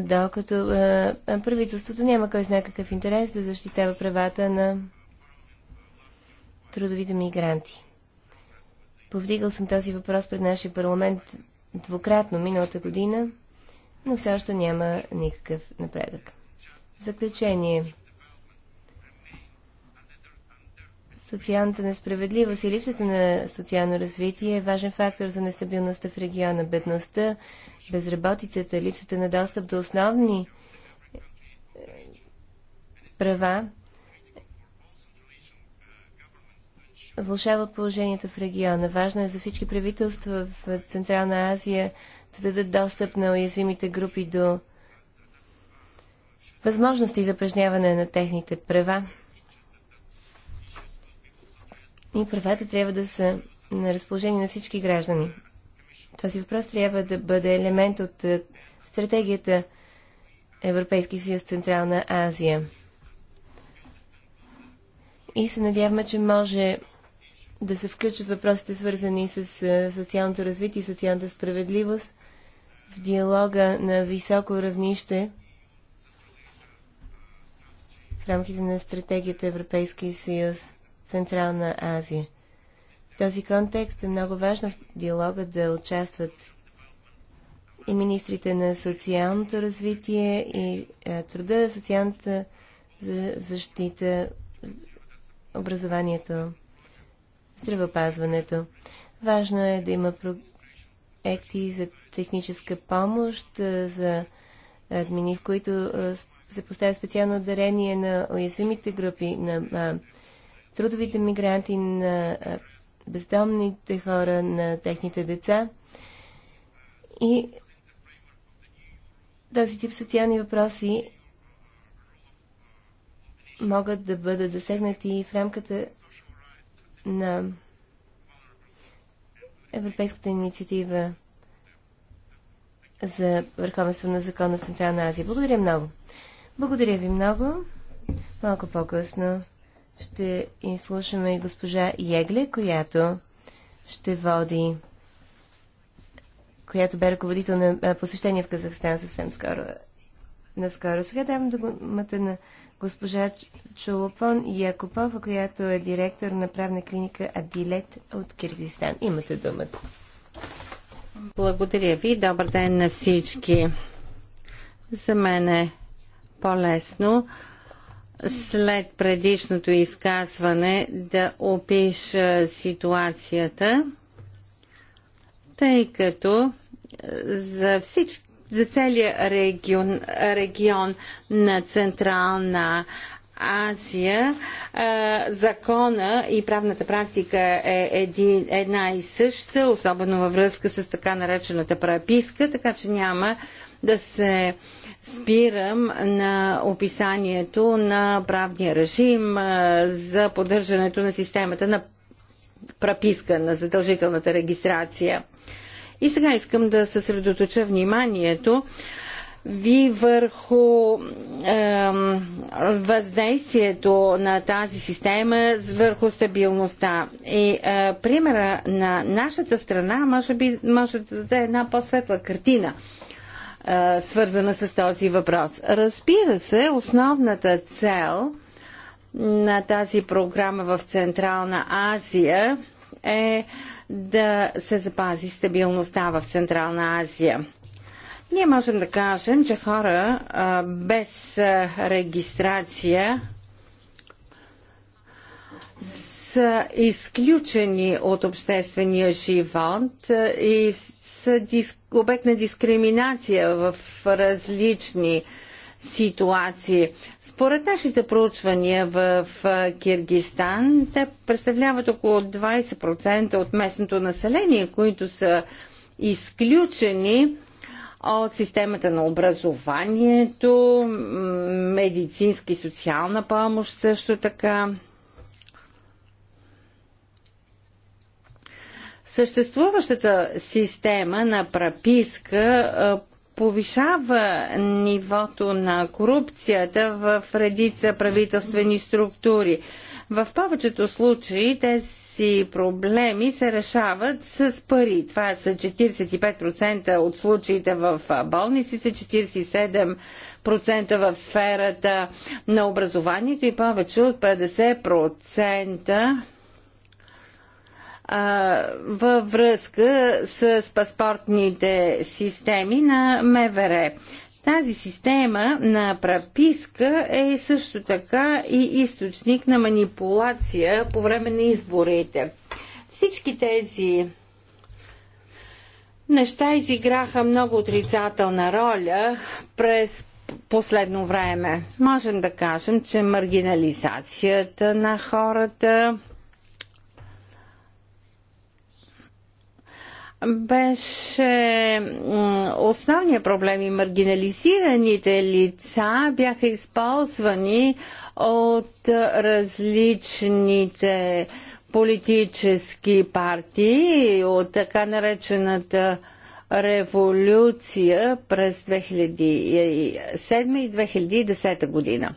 докато а, правителството няма кой знае какъв интерес да защитава правата на трудовите мигранти. Повдигал съм този въпрос пред нашия парламент двукратно миналата година, но все още няма никакъв напредък. Заключение. Социалната несправедливост и липсата на социално развитие е важен фактор за нестабилността в региона. Бедността, безработицата, липсата на достъп до основни е, права влушава положението в региона. Важно е за всички правителства в Централна Азия да дадат достъп на уязвимите групи до възможности за упражняване на техните права. И правата трябва да са на разположение на всички граждани. Този въпрос трябва да бъде елемент от е, стратегията Европейски съюз Централна Азия. И се надяваме, че може да се включат въпросите, свързани с социалното развитие и социалната справедливост в диалога на високо равнище в рамките на стратегията Европейския съюз Централна Азия. В този контекст е много важно в диалога да участват и министрите на социалното развитие и труда, социалната защита, образованието здравеопазването. Важно е да има проекти за техническа помощ, за админи, в които се поставя специално дарение на уязвимите групи, на трудовите мигранти, на бездомните хора, на техните деца. И този тип социални въпроси могат да бъдат засегнати в рамката на Европейската инициатива за върховенство на закона в Централна Азия. Благодаря много. Благодаря ви много. Малко по-късно ще изслушаме и госпожа Егле, която ще води която бе ръководител на посещение в Казахстан съвсем скоро. Наскоро. Сега давам думата на госпожа Чолопон Якопова, която е директор на правна клиника Адилет от Киргизстан. Имате думата. Благодаря ви. Добър ден на всички. За мен е по-лесно след предишното изказване да опиша ситуацията, тъй като за всички за целия регион, регион на Централна Азия закона и правната практика е една и съща, особено във връзка с така наречената преписка, така че няма да се спирам на описанието на правния режим за поддържането на системата на преписка на задължителната регистрация. И сега искам да съсредоточа вниманието ви върху е, въздействието на тази система, върху стабилността. И е, примера на нашата страна може, би, може да даде една по-светла картина е, свързана с този въпрос. Разбира се, основната цел на тази програма в Централна Азия е да се запази стабилността в Централна Азия. Ние можем да кажем, че хора а, без а, регистрация са изключени от обществения живот и са диск, обект на дискриминация в различни а, ситуации. Според нашите проучвания в Киргистан, те представляват около 20% от местното население, които са изключени от системата на образованието, медицинска и социална помощ също така. Съществуващата система на праписка повишава нивото на корупцията в редица правителствени структури. В повечето случаи тези проблеми се решават с пари. Това са 45% от случаите в болниците, 47% в сферата на образованието и повече от 50% а, във връзка с паспортните системи на МВР. Тази система на преписка е също така и източник на манипулация по време на изборите. Всички тези неща изиграха много отрицателна роля през последно време. Можем да кажем, че маргинализацията на хората, беше основния проблем и маргинализираните лица бяха използвани от различните политически партии от така наречената революция през 2007 и 2010 година.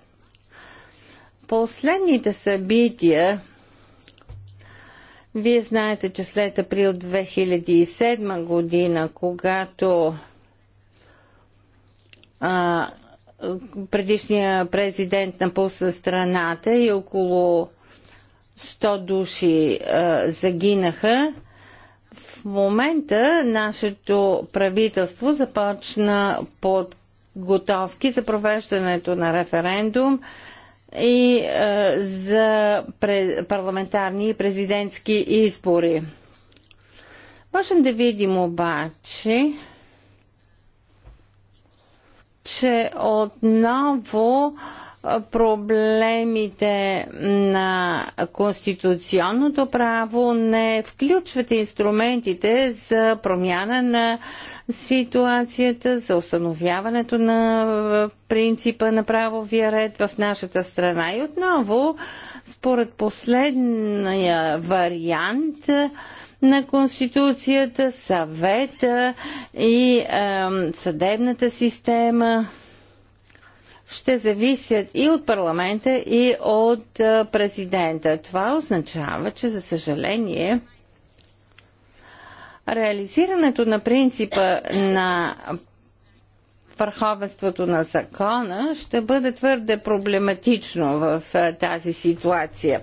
Последните събития вие знаете, че след април 2007 година, когато а, предишния президент напусна страната и около 100 души а, загинаха, в момента нашето правителство започна подготовки за провеждането на референдум и е, за парламентарни и президентски избори. Можем да видим обаче, че отново е, проблемите на конституционното право не включват инструментите за промяна на ситуацията, за установяването на принципа на правовия ред в нашата страна. И отново, според последния вариант, на Конституцията, съвета и е, съдебната система ще зависят и от парламента, и от президента. Това означава, че за съжаление Реализирането на принципа на върховенството на закона ще бъде твърде проблематично в е, тази ситуация.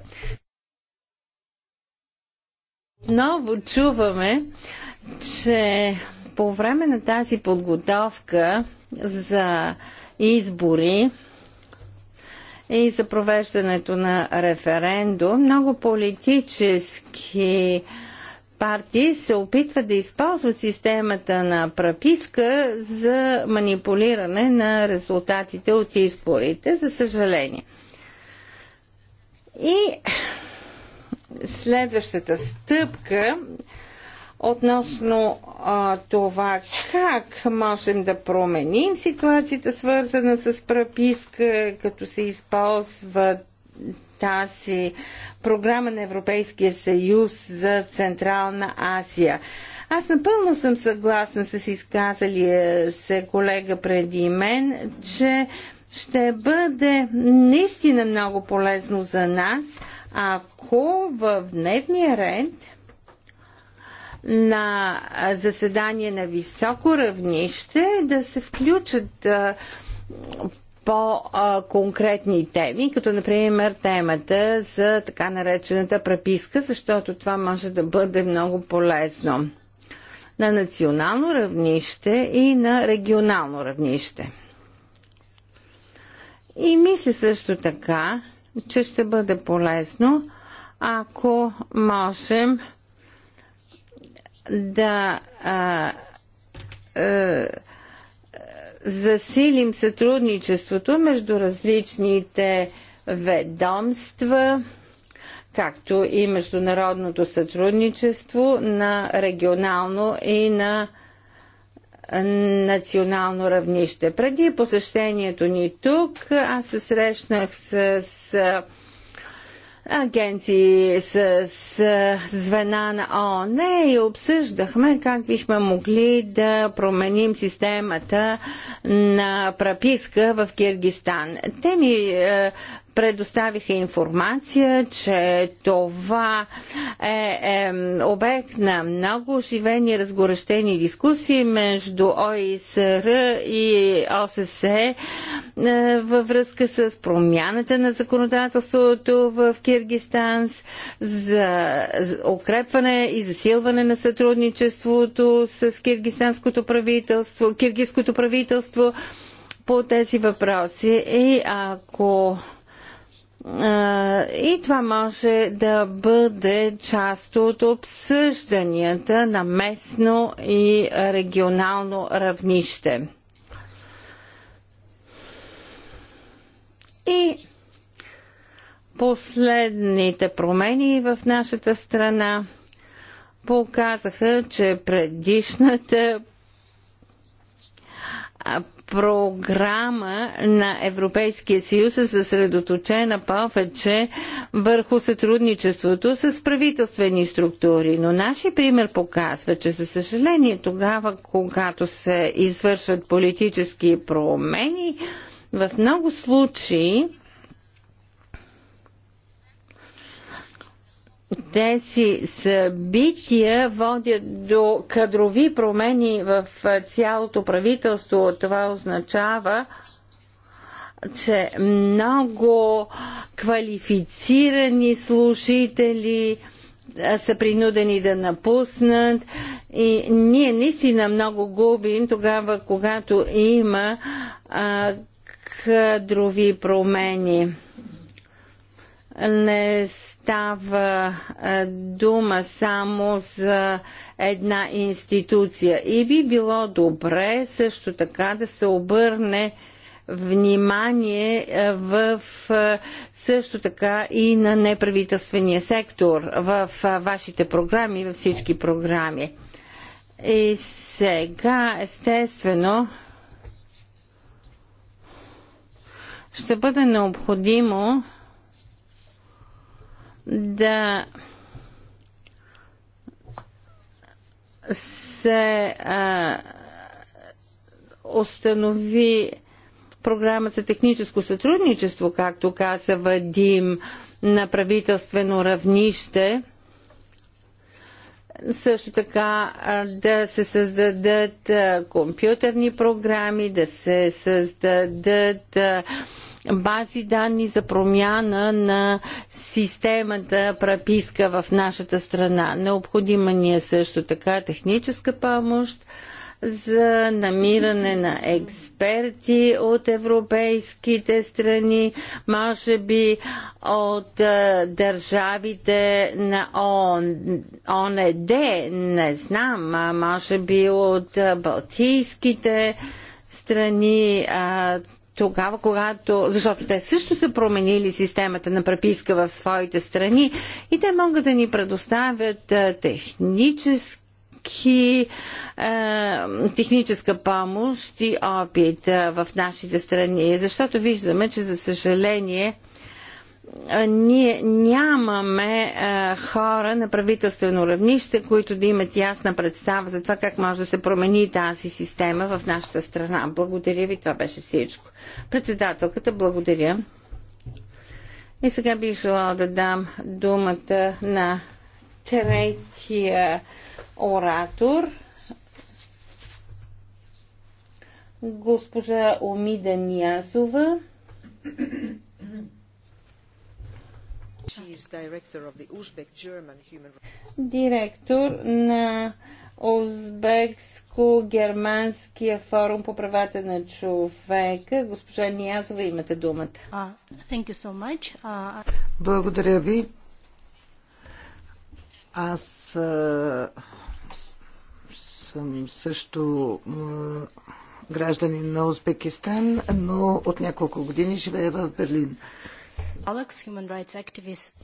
Ново чуваме, че по време на тази подготовка за избори и за провеждането на референдум, много политически партии се опитват да използват системата на преписка за манипулиране на резултатите от изборите, за съжаление. И следващата стъпка относно а, това как можем да променим ситуацията, свързана с преписка, като се използва тази програма на Европейския съюз за Централна Азия. Аз напълно съм съгласна с изказалия се колега преди мен, че ще бъде наистина много полезно за нас, ако в дневния ред на заседание на високо равнище да се включат по-конкретни теми, като например темата за така наречената преписка, защото това може да бъде много полезно на национално равнище и на регионално равнище. И мисля също така, че ще бъде полезно, ако можем да а, а, засилим сътрудничеството между различните ведомства, както и международното сътрудничество на регионално и на национално равнище. Преди посещението ни тук аз се срещнах с, с агенции с, с звена на ООН и обсъждахме как бихме могли да променим системата на праписка в Киргистан. Те ми е, предоставиха информация, че това е, е обект на много оживени, разгорещени дискусии между ОИСР и ОССЕ е, във връзка с промяната на законодателството в Киргистан, за укрепване и засилване на сътрудничеството с киргистанското правителство, киргизското правителство по тези въпроси. И ако и това може да бъде част от обсъжданията на местно и регионално равнище. И последните промени в нашата страна показаха, че предишната програма на Европейския съюз е съсредоточена повече върху сътрудничеството с правителствени структури. Но нашия пример показва, че за съжаление тогава, когато се извършват политически промени, в много случаи тези събития водят до кадрови промени в цялото правителство. Това означава, че много квалифицирани служители са принудени да напуснат и ние наистина много губим тогава, когато има а, кадрови промени не става е, дума само за една институция. И би било добре също така да се обърне внимание е, в е, също така и на неправителствения сектор в вашите програми, във всички програми. И сега, естествено, ще бъде необходимо да се а, установи програма за техническо сътрудничество, както каза Вадим, на правителствено равнище. Също така да се създадат компютърни програми, да се създадат бази данни за промяна на системата преписка в нашата страна. Необходима ни е също така техническа помощ за намиране на експерти от европейските страни, може би от държавите на ООН, е не знам, а може би от балтийските страни. А, тогава, когато, защото те също са променили системата на преписка в своите страни и те могат да ни предоставят технически е, техническа помощ и опит в нашите страни, защото виждаме, че за съжаление ние нямаме а, хора на правителствено равнище, които да имат ясна представа за това как може да се промени тази система в нашата страна. Благодаря ви, това беше всичко. Председателката, благодаря. И сега бих желала да дам думата на третия оратор. Госпожа Омида Ниязова. Директор на Узбекско-германския форум по правата на човека. Госпожа Ниязова, имате думата. Благодаря ви. Аз а, съм също а, гражданин на Узбекистан, но от няколко години живея в Берлин. А, Алекс, human rights activist.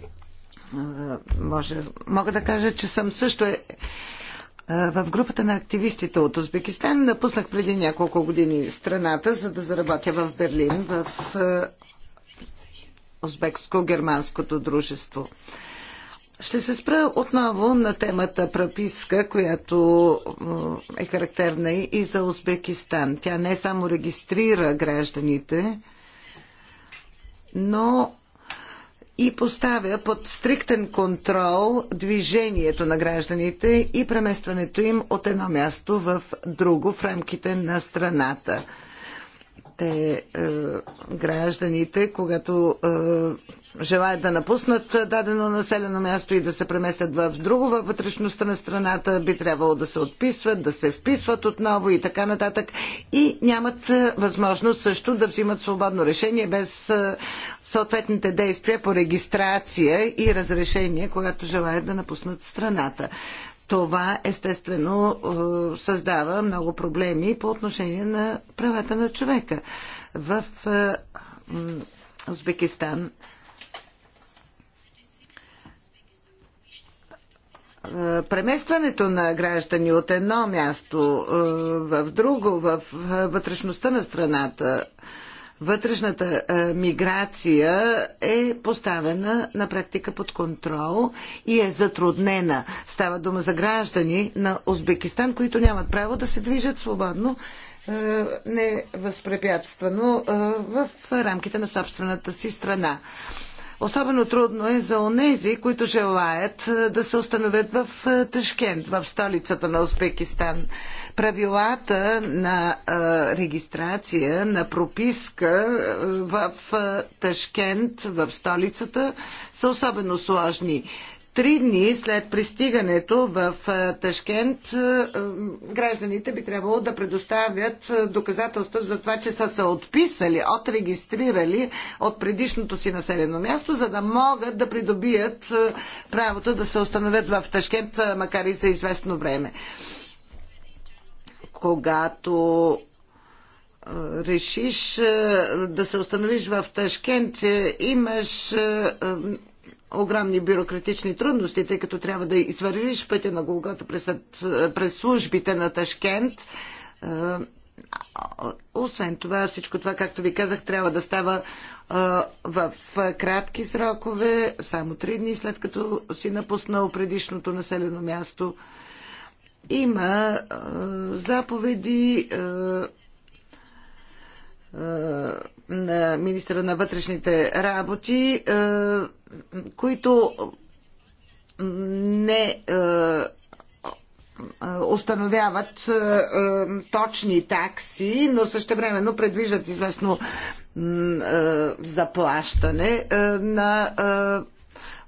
Може, мога да кажа, че съм също е, в групата на активистите от Узбекистан. Напуснах преди няколко години страната, за да заработя в Берлин, в Узбекско-германското дружество. Ще се спра отново на темата прописка, която е характерна и за Узбекистан. Тя не само регистрира гражданите, но и поставя под стриктен контрол движението на гражданите и преместването им от едно място в друго в рамките на страната те, е, гражданите, когато е, желаят да напуснат дадено населено място и да се преместят в друго във вътрешността на страната, би трябвало да се отписват, да се вписват отново и така нататък. И нямат е, възможност също да взимат свободно решение без съответните действия по регистрация и разрешение, когато желаят да напуснат страната. Това естествено е, създава много проблеми по отношение на правата на човека. В е, Узбекистан е, преместването на граждани от едно място в друго, в вътрешността на страната, вътрешната е, миграция е поставена на практика под контрол и е затруднена. Става дума за граждани на Узбекистан, които нямат право да се движат свободно е, невъзпрепятствано е, в рамките на собствената си страна. Особено трудно е за онези, които желаят е, да се установят в е, Ташкент, в столицата на Узбекистан. Правилата на е, регистрация, на прописка в Ташкент, в столицата, са особено сложни три дни след пристигането в Ташкент гражданите би трябвало да предоставят доказателства за това, че са се отписали, отрегистрирали от предишното си населено място, за да могат да придобият правото да се установят в Ташкент, макар и за известно време. Когато решиш да се установиш в Ташкент, имаш огромни бюрократични трудности, тъй като трябва да извървиш пътя на Голгота през, през службите на Ташкент. Е, освен това, всичко това, както ви казах, трябва да става е, в кратки срокове, само три дни след като си напуснал предишното населено място. Има е, заповеди на министра на вътрешните работи, е, които не е, е, установяват точни такси, но същевременно предвиждат известно заплащане на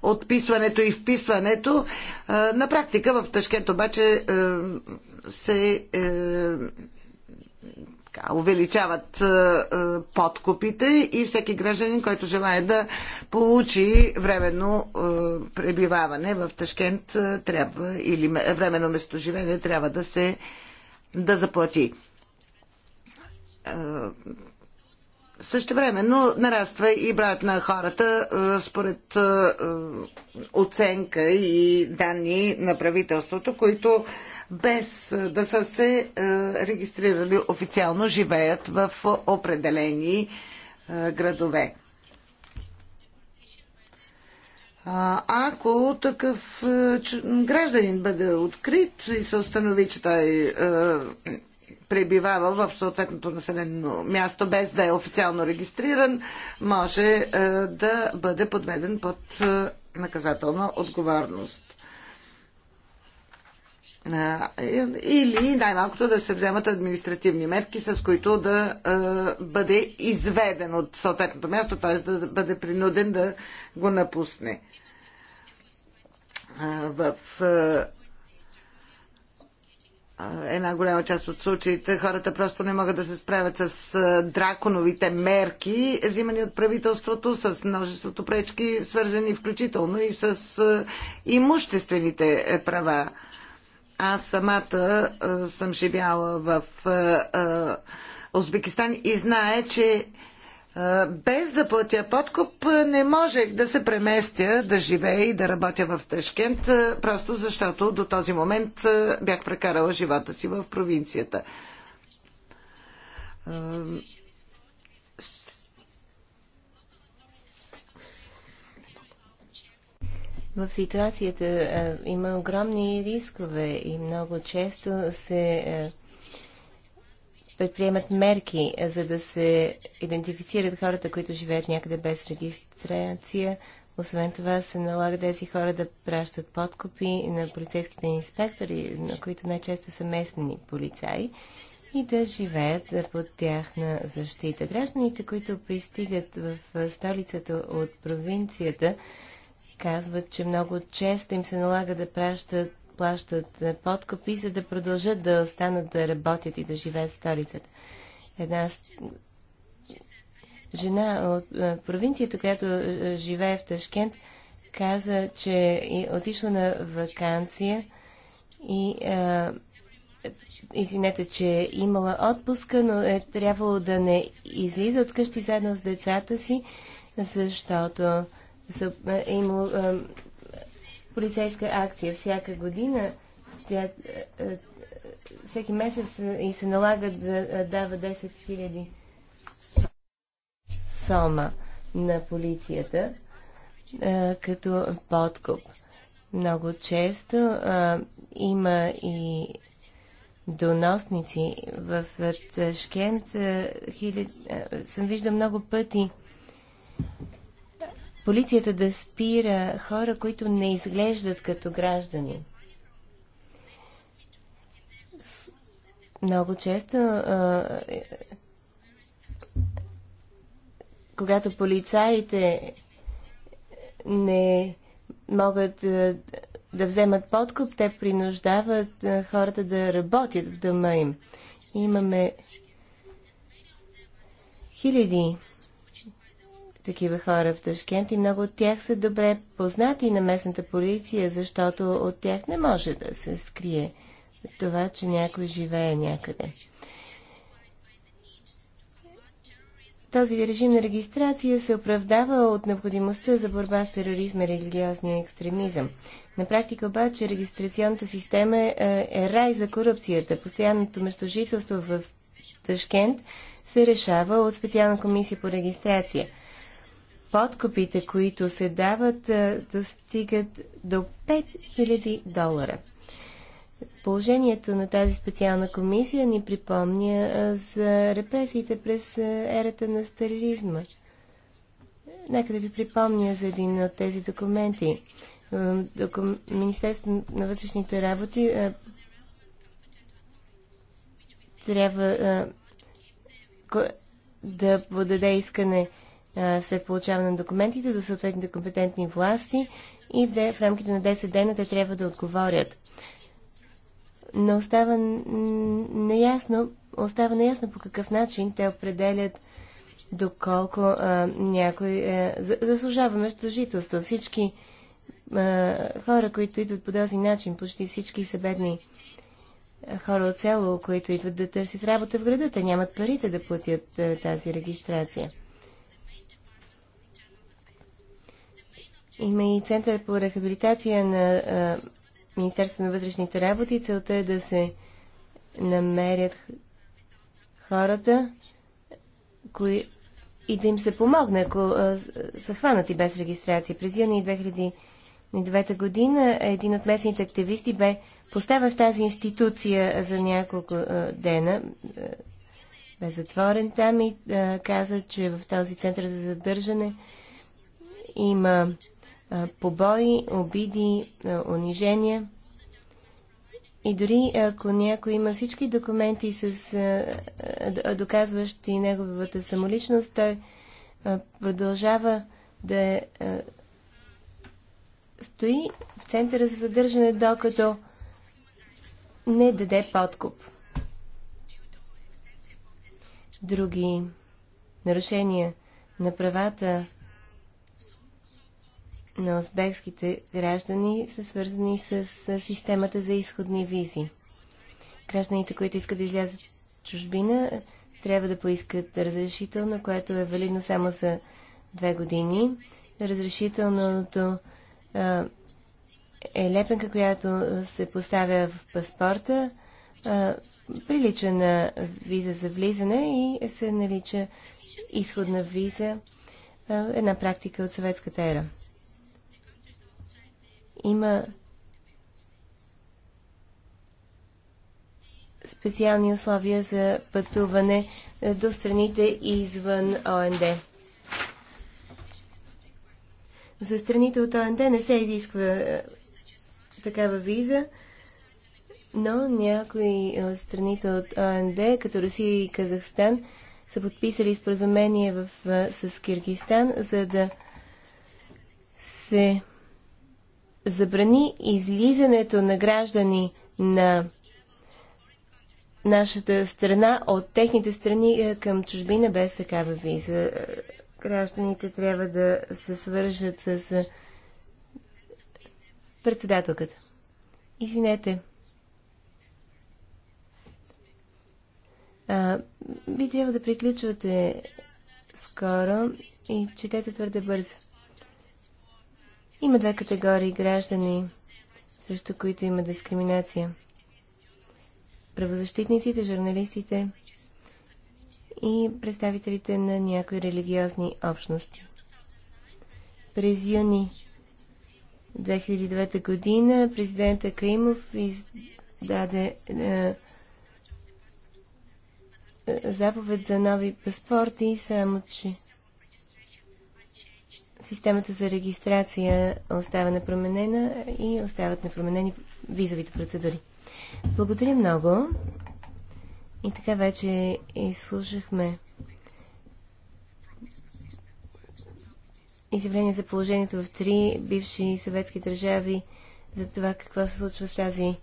отписването и вписването. На практика в Ташкент обаче се така, увеличават е, е, подкупите и всеки гражданин, който желая да получи временно е, пребиваване в Ташкент, трябва или временно местоживение трябва да се да заплати. Също време, но нараства и броят на хората според оценка и данни на правителството, които без да са се регистрирали официално, живеят в определени градове. Ако такъв гражданин бъде открит и се установи, че той пребивава в съответното населено място без да е официално регистриран, може да бъде подведен под наказателна отговорност или най-малкото да се вземат административни мерки, с които да бъде изведен от съответното място, т.е. да бъде принуден да го напусне. В една голяма част от случаите хората просто не могат да се справят с драконовите мерки, взимани от правителството, с множеството пречки, свързани включително и с имуществените права аз самата съм живяла в Узбекистан и знае, че без да платя подкуп не можех да се преместя, да живея и да работя в Ташкент, просто защото до този момент бях прекарала живота си в провинцията. в ситуацията а, е, има огромни рискове и много често се а, е, предприемат мерки, а, е, за да се идентифицират хората, които живеят някъде без регистрация. Освен това се налага тези хора да пращат подкупи на полицейските инспектори, на които най-често са местни полицаи и да живеят под тяхна защита. Гражданите, които пристигат в столицата от провинцията, казват, че много често им се налага да пращат, плащат е, подкопи, за да продължат да останат да работят и да живеят в столицата. Една жена от е, провинцията, която е, живее в Ташкент, каза, че е отишла на вакансия и а, извинете, че е имала отпуска, но е трябвало да не излиза от къщи заедно с децата си, защото са, е, е имало е, полицейска акция всяка година. Тя, е, е, всеки месец е, и се налага да е, дава 10 000 сома на полицията е, като подкуп. Много често е, има и доносници в Ташкент. Хили... Съм виждал много пъти полицията да спира хора, които не изглеждат като граждани. Много често, а, когато полицаите не могат да вземат подкуп, те принуждават хората да работят в дома им. Имаме хиляди такива хора в Ташкент и много от тях са добре познати на местната полиция, защото от тях не може да се скрие това, че някой живее някъде. Този режим на регистрация се оправдава от необходимостта за борба с тероризма и религиозния екстремизъм. На практика обаче регистрационната система е, е, е рай за корупцията. Постоянното местожителство в Ташкент се решава от специална комисия по регистрация – подкупите, които се дават, достигат до 5000 долара. Положението на тази специална комисия ни припомня за репресиите през ерата на стерилизма. Нека да ви припомня за един от тези документи. Докум... Министерство на вътрешните работи а, трябва а, да подаде искане след получаване на документите до съответните компетентни власти и в рамките на 10 дена те трябва да отговорят. Но остава неясно, остава неясно по какъв начин те определят доколко а, някой е, а, заслужава жителство. Всички а, хора, които идват по този начин, почти всички са бедни хора от село, които идват да търсят работа в града, те нямат парите да платят а, тази регистрация. Има и Център по рехабилитация на а, Министерство на вътрешните работи. Целта е да се намерят хората кои... и да им се помогне, ако а, са хванати без регистрация. През юни 2009 година един от местните активисти бе поставен в тази институция за няколко а, дена. Бе затворен там и а, каза, че в този център за задържане има побои, обиди, унижения. И дори ако някой има всички документи, с, доказващи неговата самоличност, той продължава да стои в центъра за задържане, докато не даде подкуп. Други нарушения на правата на узбекските граждани са свързани с, с системата за изходни визи. Гражданите, които искат да излязат в чужбина, трябва да поискат разрешително, което е валидно само за две години. Разрешителното а, е лепенка, която се поставя в паспорта, а, прилича на виза за влизане и се нарича изходна виза, а, една практика от съветската ера има специални условия за пътуване е, до страните извън ОНД. За страните от ОНД не се изисква е, такава виза, но някои от страните от ОНД, като Русия и Казахстан, са подписали споразумение в, е, с Киргистан, за да се забрани излизането на граждани на нашата страна от техните страни е, към чужбина без такава виза. Е, гражданите трябва да се свържат с е, председателката. Извинете. А, би трябва да приключвате скоро и четете твърде бързо. Има две категории граждани, срещу които има дискриминация. Правозащитниците, журналистите и представителите на някои религиозни общности. През юни 2009 година президента Каимов издаде е, е, заповед за нови паспорти, само че системата за регистрация остава непроменена и остават непроменени визовите процедури. Благодаря много. И така вече изслушахме изявление за положението в три бивши съветски държави за това какво се случва с тази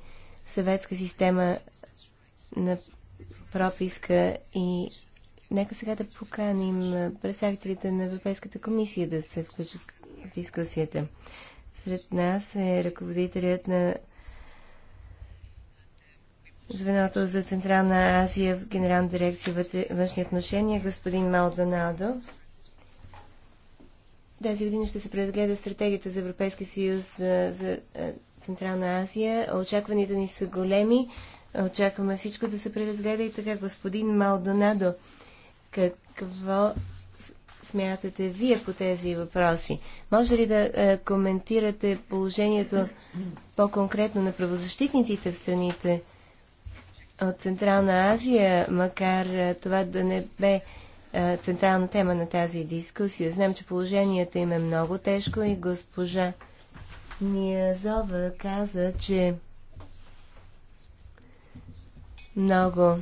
съветска система на прописка и Нека сега да поканим представителите на Европейската комисия да се включат в дискусията. Сред нас е ръководителят на звеното за Централна Азия в Генерална дирекция външни отношения, господин Малдонадо. Тази година ще се преразгледа стратегията за Европейския съюз за, за Централна Азия. Очакваните ни са големи. Очакваме всичко да се преразгледа и така господин Малдонадо какво смятате вие по тези въпроси? Може ли да е, коментирате положението по-конкретно на правозащитниците в страните от Централна Азия, макар е, това да не бе е, централна тема на тази дискусия? Знам, че положението им е много тежко и госпожа Ниязова каза, че много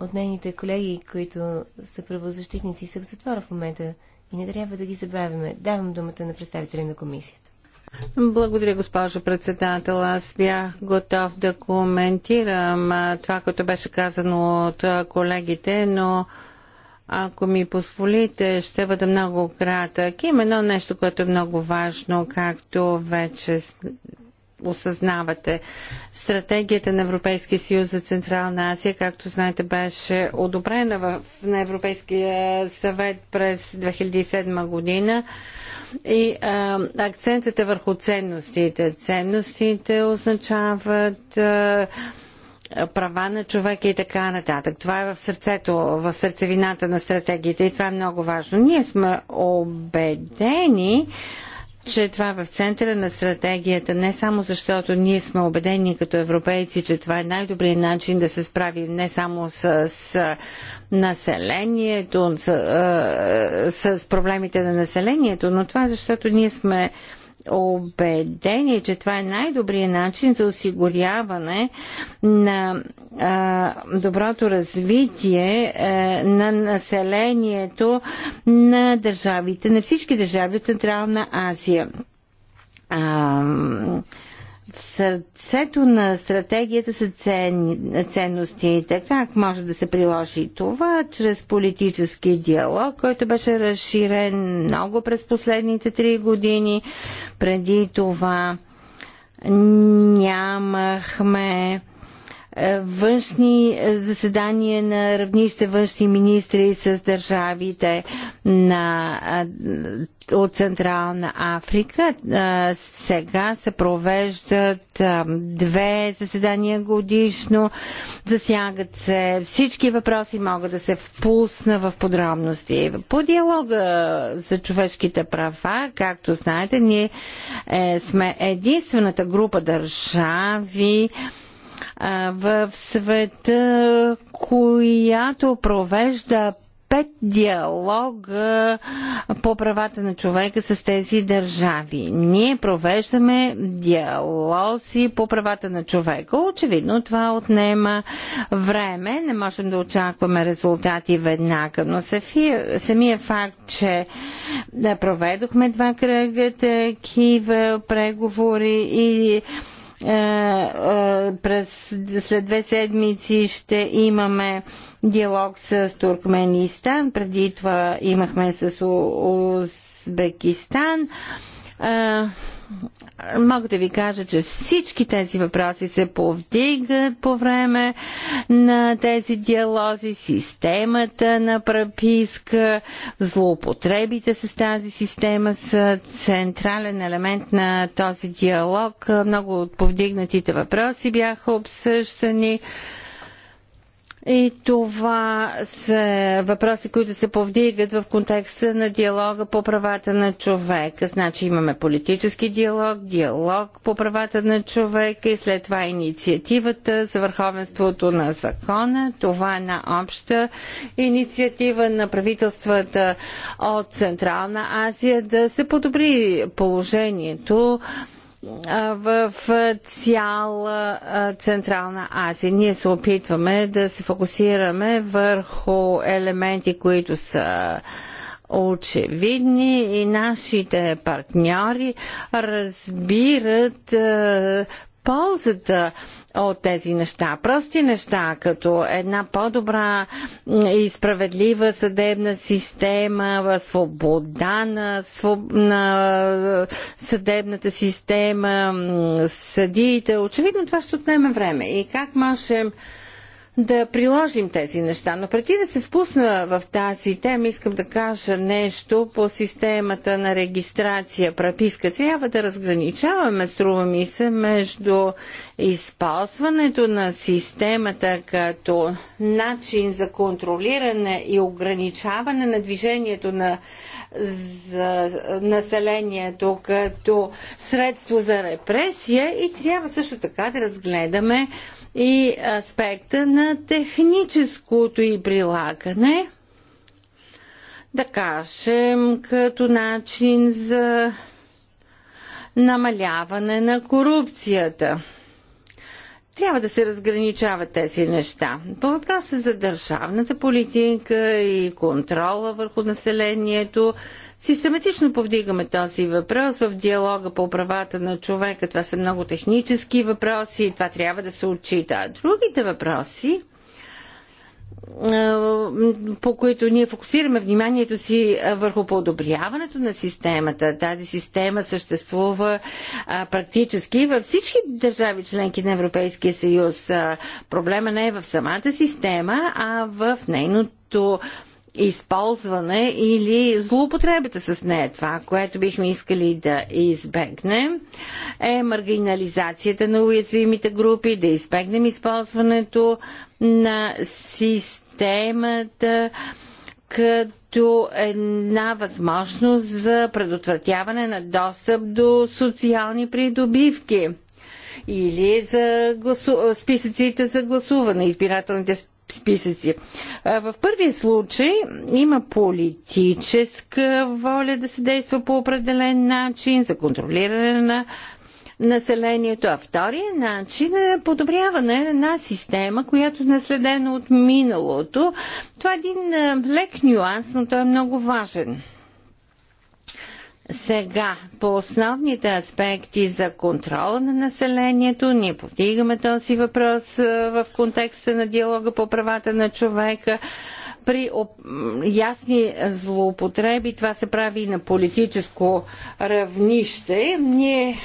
от нейните колеги, които са правозащитници, са в затвора в момента и не трябва да ги забравяме. Давам думата на представители на комисията. Благодаря, госпожо председател. Аз бях готов да коментирам това, което беше казано от колегите, но ако ми позволите, ще бъда много кратък. Има едно нещо, което е много важно, както вече осъзнавате. Стратегията на Европейския съюз за Централна Азия, както знаете, беше одобрена в, на Европейския съвет през 2007 година. И а, акцентът е върху ценностите. Ценностите означават а, права на човека и така нататък. Това е в сърцето, в сърцевината на стратегията и това е много важно. Ние сме убедени, а, че това е в центъра на стратегията, не само защото ние сме убедени като европейци, че това е най-добрият начин да се справим не само с, с населението, с, с проблемите на населението, но това е защото ние сме убедени, че това е най-добрият начин за осигуряване на а, доброто развитие а, е, на населението на държавите, на всички държави от Централна Азия. А, в сърцето на стратегията са цен, ценностите. Как може да се приложи това? Чрез политически диалог, който беше разширен много през последните три години. Преди това нямахме е, външни е, заседания на равнище външни министри с държавите на, е, от Централна Африка. Сега се провеждат две заседания годишно. Засягат се всички въпроси, могат да се впусна в подробности. По диалога за човешките права, както знаете, ние сме единствената група държави, в света, която провежда пет диалога по правата на човека с тези държави. Ние провеждаме диалози по правата на човека. Очевидно това отнема време. Не можем да очакваме резултати веднага, но самия факт, че да проведохме два кръга такива преговори и е, е, през, след две седмици ще имаме диалог с Туркменистан. Преди това имахме с Узбекистан. Е, Мога да ви кажа, че всички тези въпроси се повдигат по време на тези диалози, системата на преписка, злоупотребите с тази система са централен елемент на този диалог. Много от повдигнатите въпроси бяха обсъждани. И това са въпроси, които се повдигат в контекста на диалога по правата на човека. Значи имаме политически диалог, диалог по правата на човека и след това инициативата за върховенството на закона. Това е една обща инициатива на правителствата от Централна Азия да се подобри положението в цяла Централна Азия. Ние се опитваме да се фокусираме върху елементи, които са очевидни и нашите партньори разбират ползата от тези неща. Прости неща, като една по-добра и справедлива съдебна система, свобода на, своб... на съдебната система, съдиите. Очевидно това ще отнеме време. И как можем да приложим тези неща. Но преди да се впусна в тази тема, искам да кажа нещо по системата на регистрация, преписка. Трябва да разграничаваме, струва ми се, между използването на системата като начин за контролиране и ограничаване на движението на за населението като средство за репресия и трябва също така да разгледаме и аспекта на техническото и прилагане, да кажем, като начин за намаляване на корупцията. Трябва да се разграничават тези неща. По въпроса за държавната политика и контрола върху населението, Систематично повдигаме този въпрос в диалога по правата на човека. Това са много технически въпроси и това трябва да се отчита. А другите въпроси, по които ние фокусираме вниманието си върху подобряването на системата. Тази система съществува а, практически във всички държави членки на Европейския съюз. А, проблема не е в самата система, а в нейното използване или злоупотребата с нея. Това, което бихме искали да избегнем е маргинализацията на уязвимите групи, да избегнем използването на системата като една възможност за предотвратяване на достъп до социални придобивки или за гласу... списъците за гласуване, избирателните списъци. В първия случай има политическа воля да се действа по определен начин за контролиране на населението. А втория начин е подобряване на една система, която е наследена от миналото. Това е един лек нюанс, но той е много важен. Сега, по основните аспекти за контрола на населението, ние повдигаме този въпрос в контекста на диалога по правата на човека. При ясни злоупотреби това се прави и на политическо равнище. Ние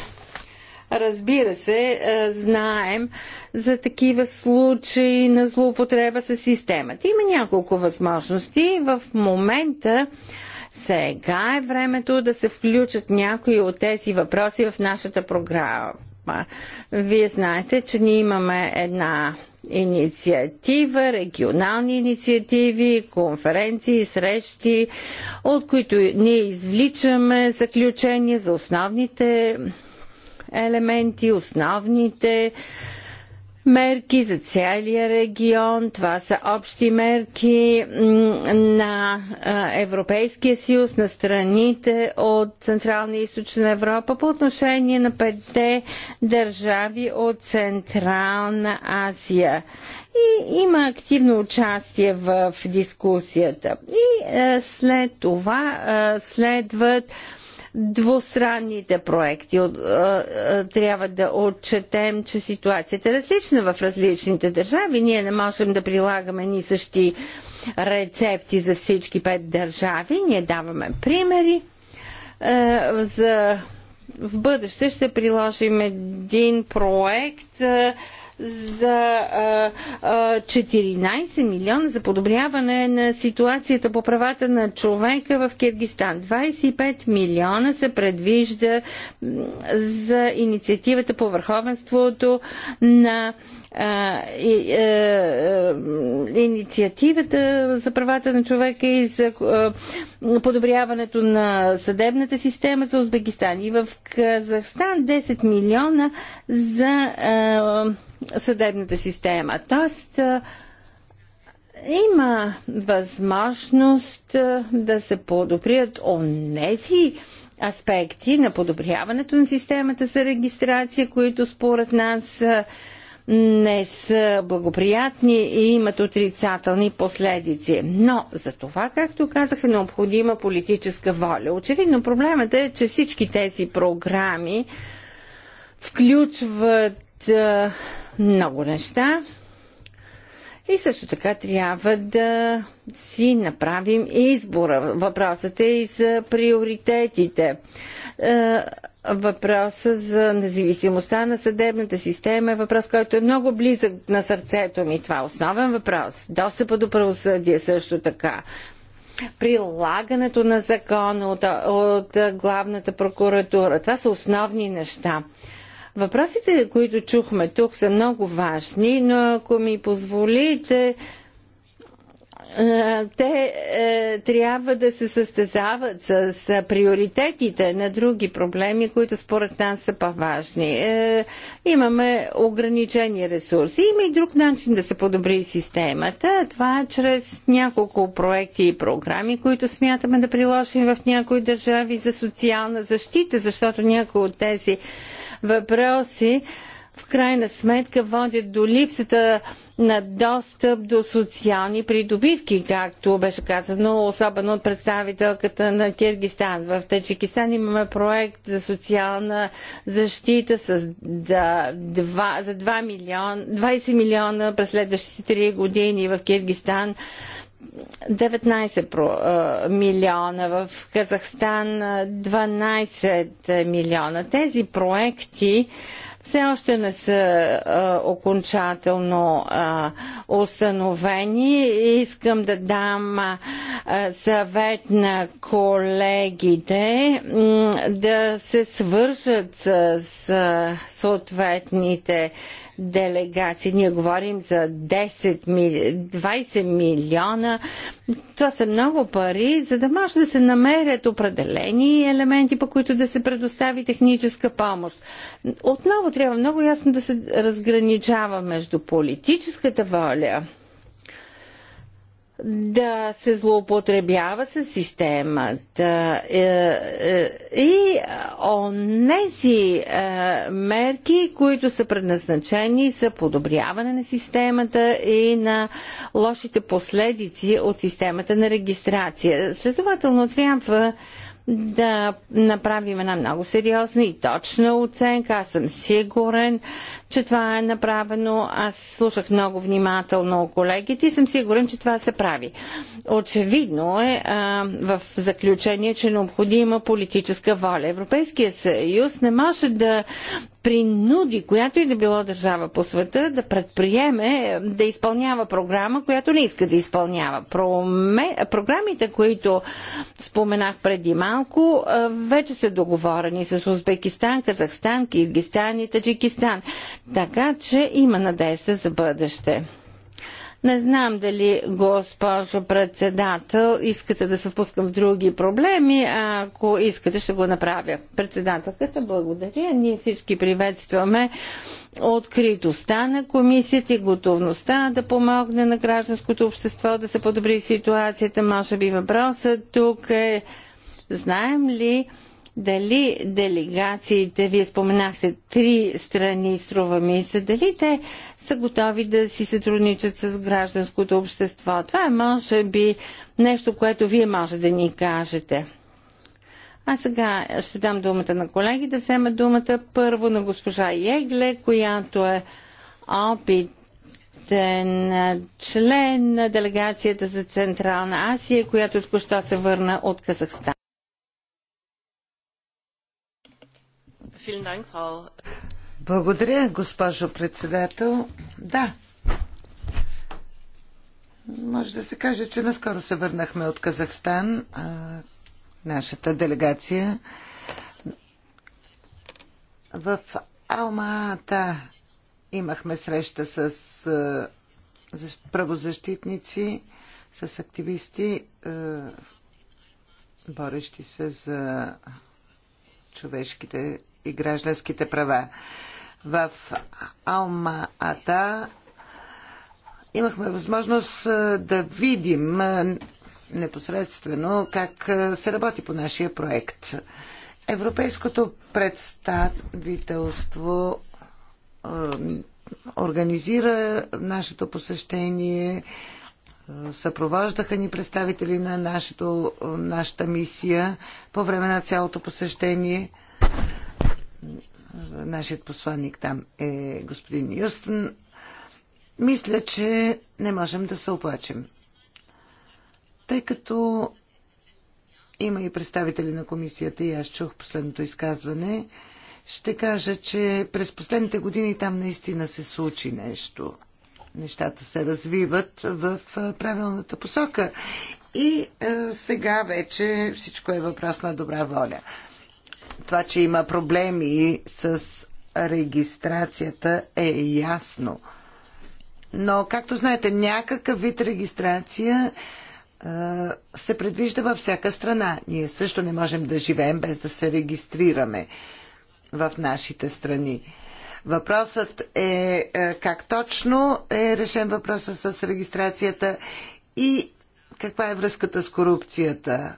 Разбира се, знаем за такива случаи на злоупотреба с системата. Има няколко възможности. В момента сега е времето да се включат някои от тези въпроси в нашата програма. Вие знаете, че ние имаме една инициатива, регионални инициативи, конференции, срещи, от които ние извличаме заключения за основните елементи, основните мерки за целия регион. Това са общи мерки на Европейския съюз, на страните от Централна и Източна Европа по отношение на петте държави от Централна Азия. И има активно участие в дискусията. И след това следват двустранните проекти. Трябва да отчетем, че ситуацията е различна в различните държави. Ние не можем да прилагаме ни същи рецепти за всички пет държави. Ние даваме примери за в бъдеще ще приложим един проект за 14 милиона за подобряване на ситуацията по правата на човека в Киргистан. 25 милиона се предвижда за инициативата по върховенството на и, е, е, инициативата за правата на човека и за е, подобряването на съдебната система за Узбекистан. И в Казахстан 10 милиона за съдебната система. Тоест, има възможност да се подобрят онези аспекти на подобряването на системата за регистрация, които според нас не са благоприятни и имат отрицателни последици. Но за това, както казах, е необходима политическа воля. Очевидно проблемът е, че всички тези програми включват много неща, и също така трябва да си направим избора. Въпросът е и за приоритетите. Е, Въпросът за независимостта на съдебната система е въпрос, който е много близък на сърцето ми. Това е основен въпрос. Достъпа до правосъдие също така прилагането на закона от, от главната прокуратура. Това са основни неща. Въпросите, които чухме тук, са много важни, но ако ми позволите, е, те е, трябва да се състезават с, приоритетите на други проблеми, които според нас са по-важни. Е, имаме ограничени ресурси. Има и друг начин да се подобри системата. Това е чрез няколко проекти и програми, които смятаме да приложим в някои държави за социална защита, защото някои от тези въпроси в крайна сметка водят до липсата на достъп до социални придобивки, както беше казано, особено от представителката на Киргистан. В Таджикистан имаме проект за социална защита с 2, за 2 милион, 20 милиона през следващите 3 години в Киргистан 19 милиона, в Казахстан 12 милиона. Тези проекти все още не са а, окончателно а, установени. Искам да дам а, съвет на колегите да се свържат с, с съответните делегации. Ние говорим за 10 мили... 20 милиона. Това са много пари, за да може да се намерят определени елементи, по които да се предостави техническа помощ. Отново трябва много ясно да се разграничава между политическата воля да се злоупотребява с системата е, е, и онези е, мерки, които са предназначени за подобряване на системата и на лошите последици от системата на регистрация. Следователно трябва да направим една много сериозна и точна оценка. Аз съм сигурен, че това е направено. Аз слушах много внимателно колегите и съм сигурен, че това се прави. Очевидно е а, в заключение, че е необходима политическа воля. Европейския съюз не може да принуди която и да било държава по света да предприеме, да изпълнява програма, която не иска да изпълнява. Програмите, които споменах преди малко, вече са договорени с Узбекистан, Казахстан, Киргистан и Таджикистан. Така че има надежда за бъдеще. Не знам дали, госпожо председател, искате да се впускам в други проблеми. Ако искате, ще го направя. Председателката, благодаря. Ние всички приветстваме откритостта на комисията и готовността да помогне на гражданското общество да се подобри ситуацията. Може би въпросът тук е знаем ли дали делегациите, вие споменахте три страни, струва ми се, дали те са готови да си сътрудничат с гражданското общество. Това е, може би, нещо, което вие може да ни кажете. А сега ще дам думата на колеги да взема думата. Първо на госпожа Егле, която е опит член на делегацията за Централна Азия, която току-що се върна от Казахстан. Благодаря, госпожо председател. Да, може да се каже, че наскоро се върнахме от Казахстан, а, нашата делегация. В Алмата имахме среща с а, правозащитници, с активисти, а, борещи се за човешките и гражданските права. В Алма Ата имахме възможност да видим непосредствено как се работи по нашия проект. Европейското представителство организира нашето посещение, съпровождаха ни представители на нашето, нашата мисия по време на цялото посещение – Нашият посланник там е господин Юстън. Мисля, че не можем да се оплачем. Тъй като има и представители на комисията и аз чух последното изказване, ще кажа, че през последните години там наистина се случи нещо. Нещата се развиват в правилната посока. И е, сега вече всичко е въпрос на добра воля това, че има проблеми с регистрацията е ясно. Но, както знаете, някакъв вид регистрация се предвижда във всяка страна. Ние също не можем да живеем без да се регистрираме в нашите страни. Въпросът е как точно е решен въпроса с регистрацията и каква е връзката с корупцията.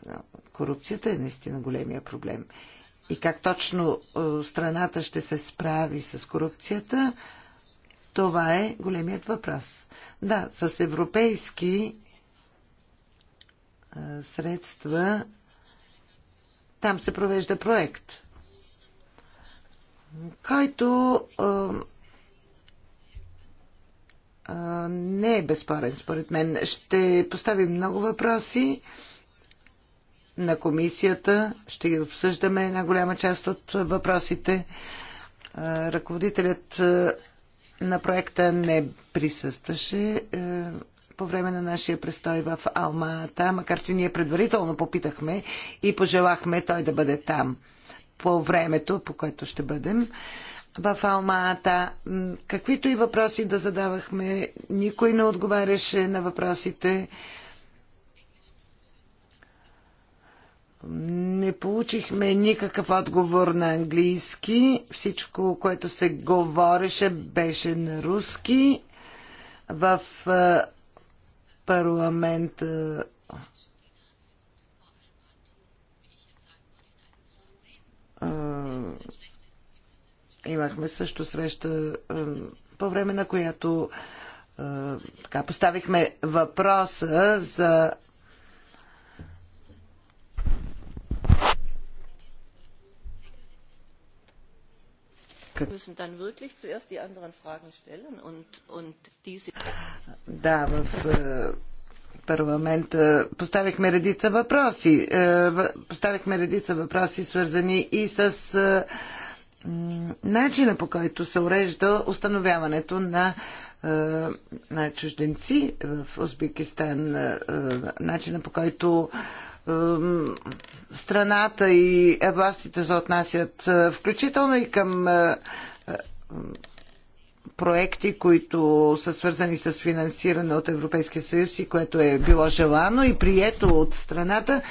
Корупцията е наистина големия проблем и как точно е, страната ще се справи с корупцията, това е големият въпрос. Да, с европейски е, средства там се провежда проект, който е, не е безспорен, според мен. Ще постави много въпроси на комисията. Ще ги обсъждаме една голяма част от въпросите. Ръководителят на проекта не присъстваше по време на нашия престой в Алмата, макар че ние предварително попитахме и пожелахме той да бъде там по времето, по което ще бъдем в Алмата. Каквито и въпроси да задавахме, никой не отговаряше на въпросите. Не получихме никакъв отговор на английски. Всичко, което се говореше, беше на руски. В парламента имахме също среща, по време на която така, поставихме въпроса за Да, в е, парламента поставихме редица въпроси. Е, поставихме редица въпроси, свързани и с е, начина по който се урежда установяването на на чужденци в Узбекистан, начина по който страната и властите се отнасят включително и към проекти, които са свързани с финансиране от Европейския съюз и което е било желано и прието от страната.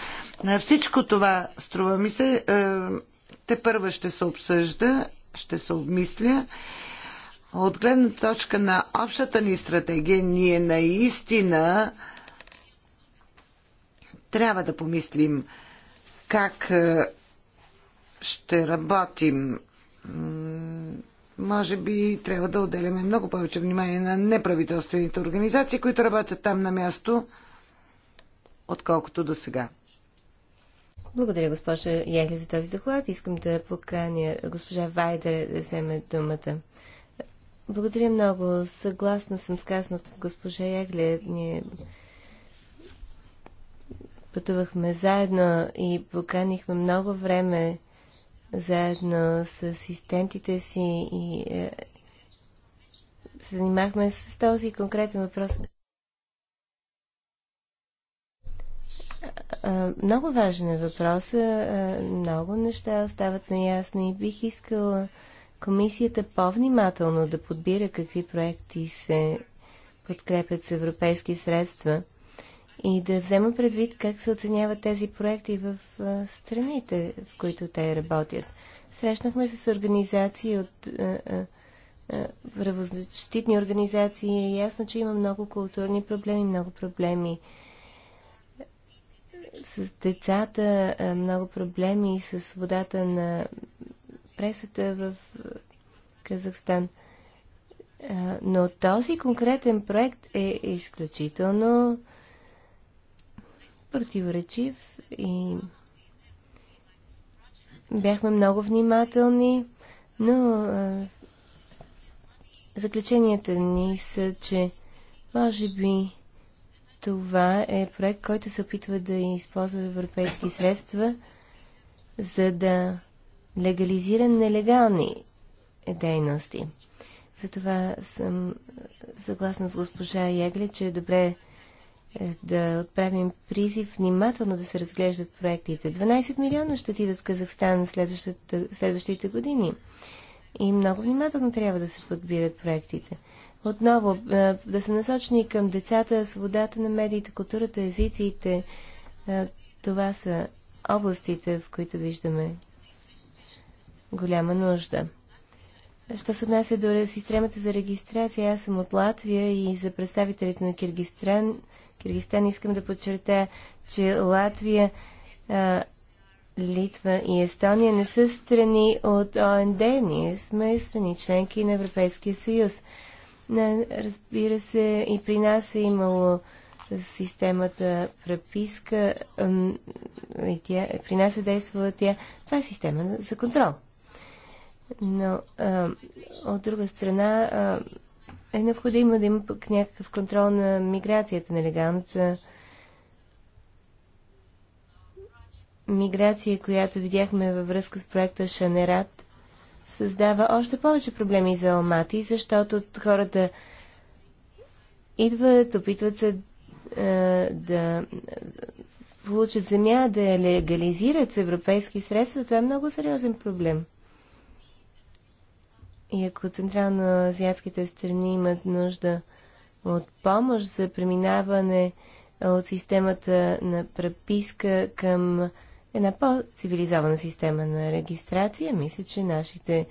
Всичко това, струва ми се, те първа ще се обсъжда, ще се обмисля. От гледна точка на общата ни стратегия, ние наистина трябва да помислим как е, ще работим. Може би трябва да отделяме много повече внимание на неправителствените организации, които работят там на място, отколкото до сега. Благодаря, госпожа Ягли за този доклад. Искам да поканя госпожа Вайдер да вземе думата. Благодаря много. Съгласна съм с казаното от госпожа Ягли. Ние пътувахме заедно и поканихме много време заедно с асистентите си и е, се занимахме с този конкретен въпрос. Много важен е въпрос, Много неща остават наясни и бих искала комисията по-внимателно да подбира какви проекти се подкрепят с европейски средства – и да взема предвид как се оценяват тези проекти в страните, в които те работят. Срещнахме се с организации от правозащитни организации е ясно, че има много културни проблеми, много проблеми с децата, много проблеми с свободата на пресата в Казахстан. Но този конкретен проект е изключително противоречив и бяхме много внимателни, но а, заключенията ни са, че може би това е проект, който се опитва да използва европейски средства, за да легализира нелегални дейности. Затова съм съгласна с госпожа Ягле, че е добре е, да отправим призив внимателно да се разглеждат проектите. 12 милиона ще отидат в Казахстан следващите години. И много внимателно трябва да се подбират проектите. Отново, е, да са насочени към децата, свободата на медиите, културата, езиците. Е, това са областите, в които виждаме голяма нужда. Що се отнася до системата за регистрация, аз съм от Латвия и за представителите на Киргистран. Киргистан. Искам да подчертая, че Латвия, Литва и Естония не са страни от ОНД. Ние сме страни членки на Европейския съюз. Разбира се, и при нас е имало системата преписка и тя, при нас е действала тя. Това е система за контрол. Но а, от друга страна, а, е необходимо да има пък някакъв контрол на миграцията, на легалната миграция, която видяхме във връзка с проекта Шанерат, създава още повече проблеми за Алмати, защото хората идват, опитват се е, да получат земя, да я легализират с европейски средства. Това е много сериозен проблем. И ако централно-азиатските страни имат нужда от помощ за преминаване от системата на преписка към една по-цивилизована система на регистрация, мисля, че нашите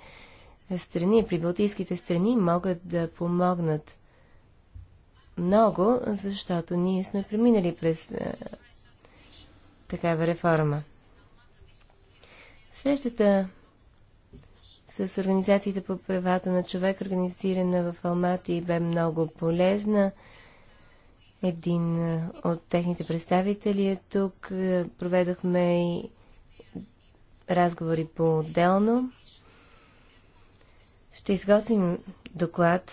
страни, прибалтийските страни могат да помогнат много, защото ние сме преминали през е, такава реформа. Срещата с Организацията по правата на човек, организирана в Алмати, бе много полезна. Един от техните представители е тук. Проведохме и разговори по-отделно. Ще изготвим доклад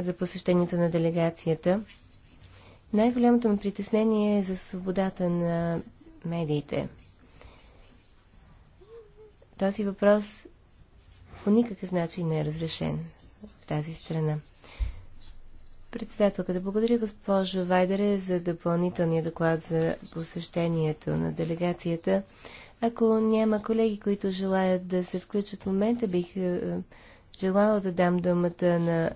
за посещението на делегацията. Най-голямото ми притеснение е за свободата на медиите. Този въпрос по никакъв начин не е разрешен в тази страна. Председателката, да благодаря госпожо Вайдере за допълнителния доклад за посещението на делегацията. Ако няма колеги, които желаят да се включат в момента, бих е, желала да дам думата на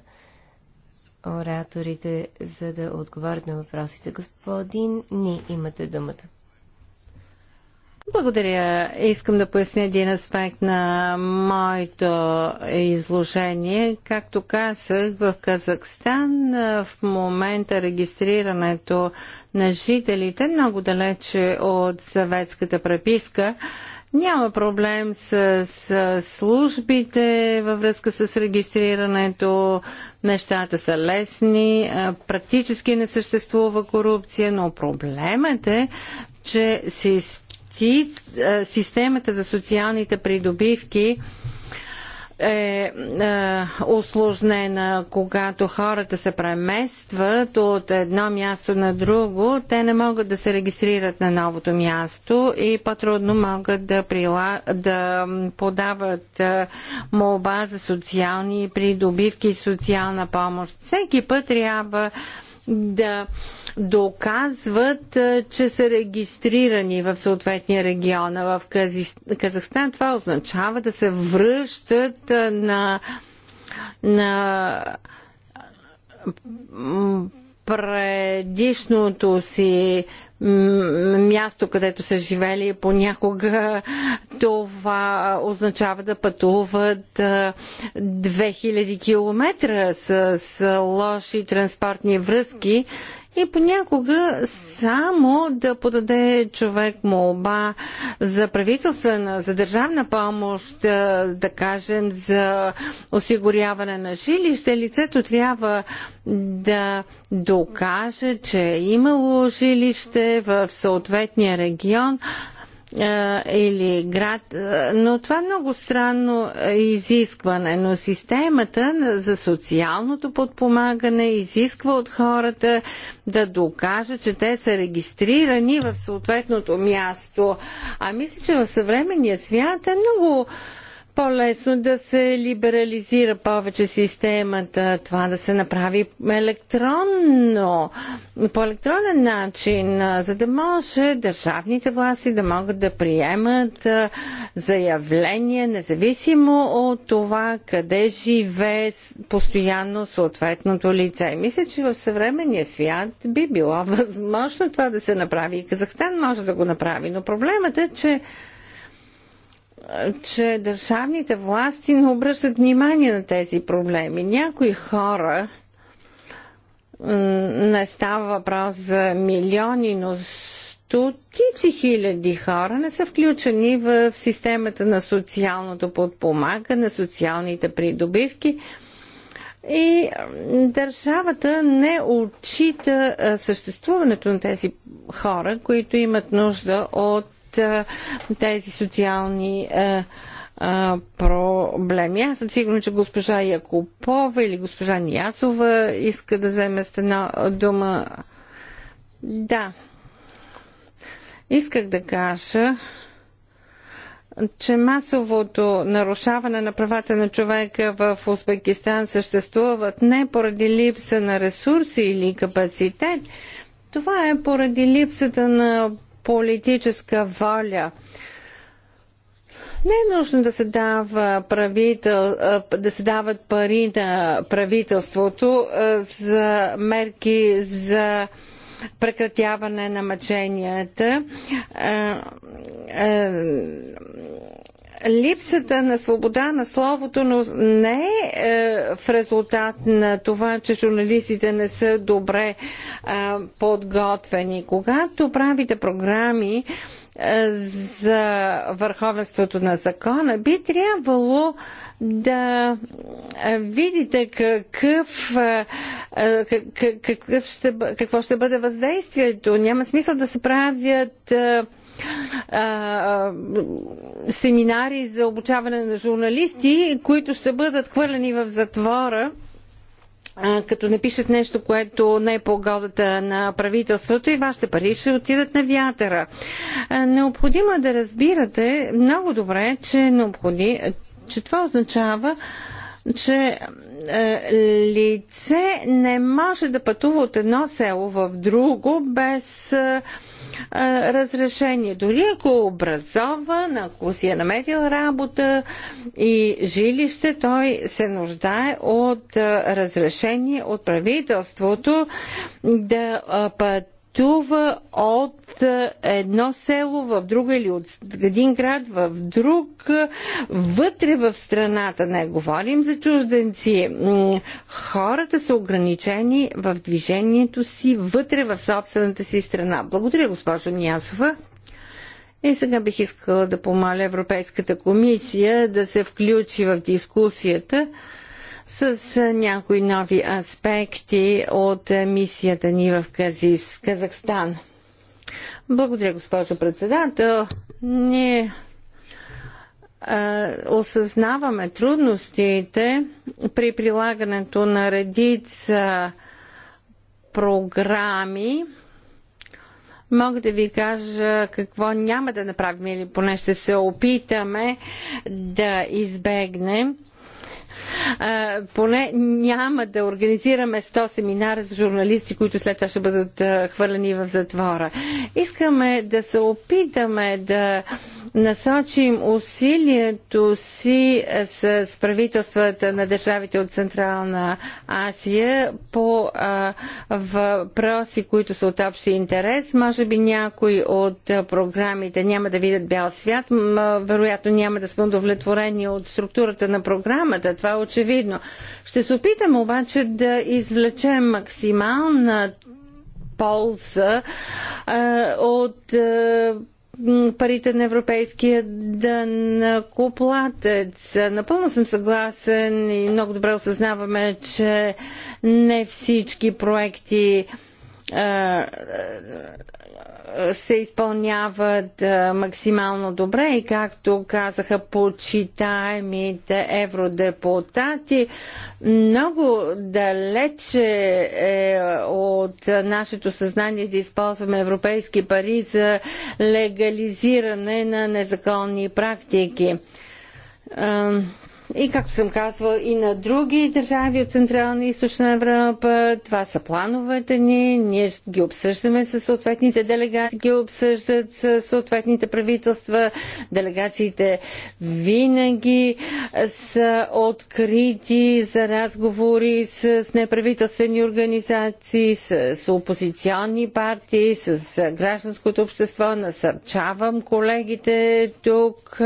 ораторите, за да отговорят на въпросите. Господин Ни, имате думата. Благодаря. Искам да поясня един аспект на моето изложение. Както казах, в Казахстан в момента регистрирането на жителите е много далече от съветската преписка. Няма проблем с, с службите във връзка с регистрирането. Нещата са лесни, практически не съществува корупция, но проблемът е, че се щати е, системата за социалните придобивки е, е осложнена, когато хората се преместват от едно място на друго, те не могат да се регистрират на новото място и по-трудно могат да, прила... да подават е, молба за социални придобивки и социална помощ. Всеки път трябва да доказват, че са регистрирани в съответния регион. В Казахстан това означава да се връщат на, на предишното си място, където са живели, понякога това означава да пътуват 2000 км с лоши транспортни връзки и понякога само да подаде човек молба за правителствена, за държавна помощ, да кажем за осигуряване на жилище, лицето трябва да докаже, че е имало жилище в съответния регион, или град. Но това е много странно изискване, но системата за социалното подпомагане изисква от хората да докажат, че те са регистрирани в съответното място. А мисля, че в съвременния свят е много по-лесно да се либерализира повече системата, това да се направи електронно, по електронен начин, за да може държавните власти да могат да приемат заявления, независимо от това къде живее постоянно съответното лице. Мисля, че в съвременния свят би било (laughs) възможно това да се направи и Казахстан може да го направи, но проблемът е, че че държавните власти не обръщат внимание на тези проблеми. Някои хора не става въпрос за милиони, но стотици хиляди хора не са включени в системата на социалното подпомагане, социалните придобивки. И държавата не отчита съществуването на тези хора, които имат нужда от тези социални проблеми. Аз съм сигурна, че госпожа Якупова или госпожа Ниясова иска да вземе с една дума. Да. Исках да кажа, че масовото нарушаване на правата на човека в Узбекистан съществуват не поради липса на ресурси или капацитет, това е поради липсата на политическа воля. Не е нужно да се, дава правител, да се дават пари на правителството за мерки за прекратяване на мъченията липсата на свобода на словото но не е, е в резултат на това, че журналистите не са добре е, подготвени. Когато правите програми, е, за върховенството на закона, би трябвало да видите какъв, какъв ще, какво ще бъде въздействието. Няма смисъл да се правят семинари за обучаване на журналисти, които ще бъдат хвърлени в затвора като напишат нещо, което не е по годата на правителството и вашите пари ще отидат на вятъра. Необходимо е да разбирате много добре, че, е необходи, че това означава, че е, лице не може да пътува от едно село в друго без е, разрешение. Дори ако е образован, ако си е намерил работа и жилище, той се нуждае от разрешение от правителството да път пътува от е, едно село в друго или от един град в друг, е, вътре в страната. Не говорим за чужденци. Хората са ограничени в движението си вътре в собствената си страна. Благодаря, госпожо Нясова. И сега бих искала да помоля Европейската комисия да се включи в дискусията с някои нови аспекти от мисията ни в Казис, Казахстан. Благодаря, госпожо председател. Ние осъзнаваме трудностите при прилагането на редица програми, мога да ви кажа какво няма да направим или поне ще се опитаме да избегнем поне няма да организираме 100 семинара за журналисти, които след това ще бъдат хвърлени в затвора. Искаме да се опитаме да насочим усилието си с правителствата на държавите от Централна Азия по а, въпроси, които са от общи интерес. Може би някои от програмите няма да видят бял свят, вероятно няма да сме удовлетворени от структурата на програмата това е очевидно. Ще се опитам обаче да извлечем максимална полза а, от а, парите на европейския дънакоплатец. Напълно съм съгласен и много добре осъзнаваме, че не всички проекти а, се изпълняват максимално добре и както казаха почитаемите евродепутати, много далече е от нашето съзнание да използваме европейски пари за легализиране на незаконни практики и както съм казвал и на други държави от Централна и Източна Европа, това са плановете ни, ние ги обсъждаме с съответните делегации, ги обсъждат с съответните правителства, делегациите винаги са открити за разговори с неправителствени организации, с опозиционни партии, с гражданското общество. Насърчавам колегите тук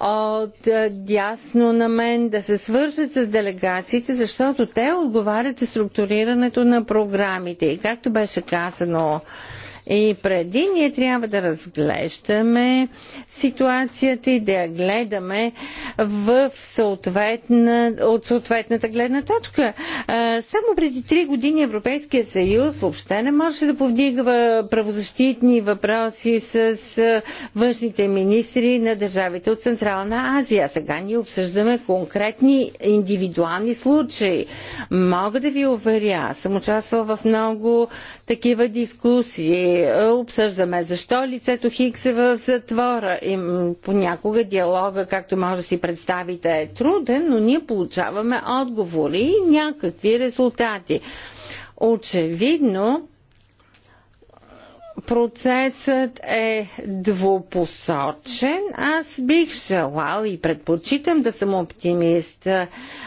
от дясно лично на мен да се свържат с делегациите, защото те отговарят за структурирането на програмите. И както беше казано, и преди ние трябва да разглеждаме ситуацията и да я гледаме в съответна, от съответната гледна точка. Само преди три години Европейския съюз въобще не можеше да повдига правозащитни въпроси с външните министри на държавите от Централна Азия. Сега ние обсъждаме конкретни индивидуални случаи. Мога да ви уверя, съм участвал в много такива дискусии обсъждаме защо лицето Хикс е в затвора. И понякога диалога, както може да си представите, е труден, но ние получаваме отговори и някакви резултати. Очевидно, процесът е двупосочен. Аз бих желал и предпочитам да съм оптимист.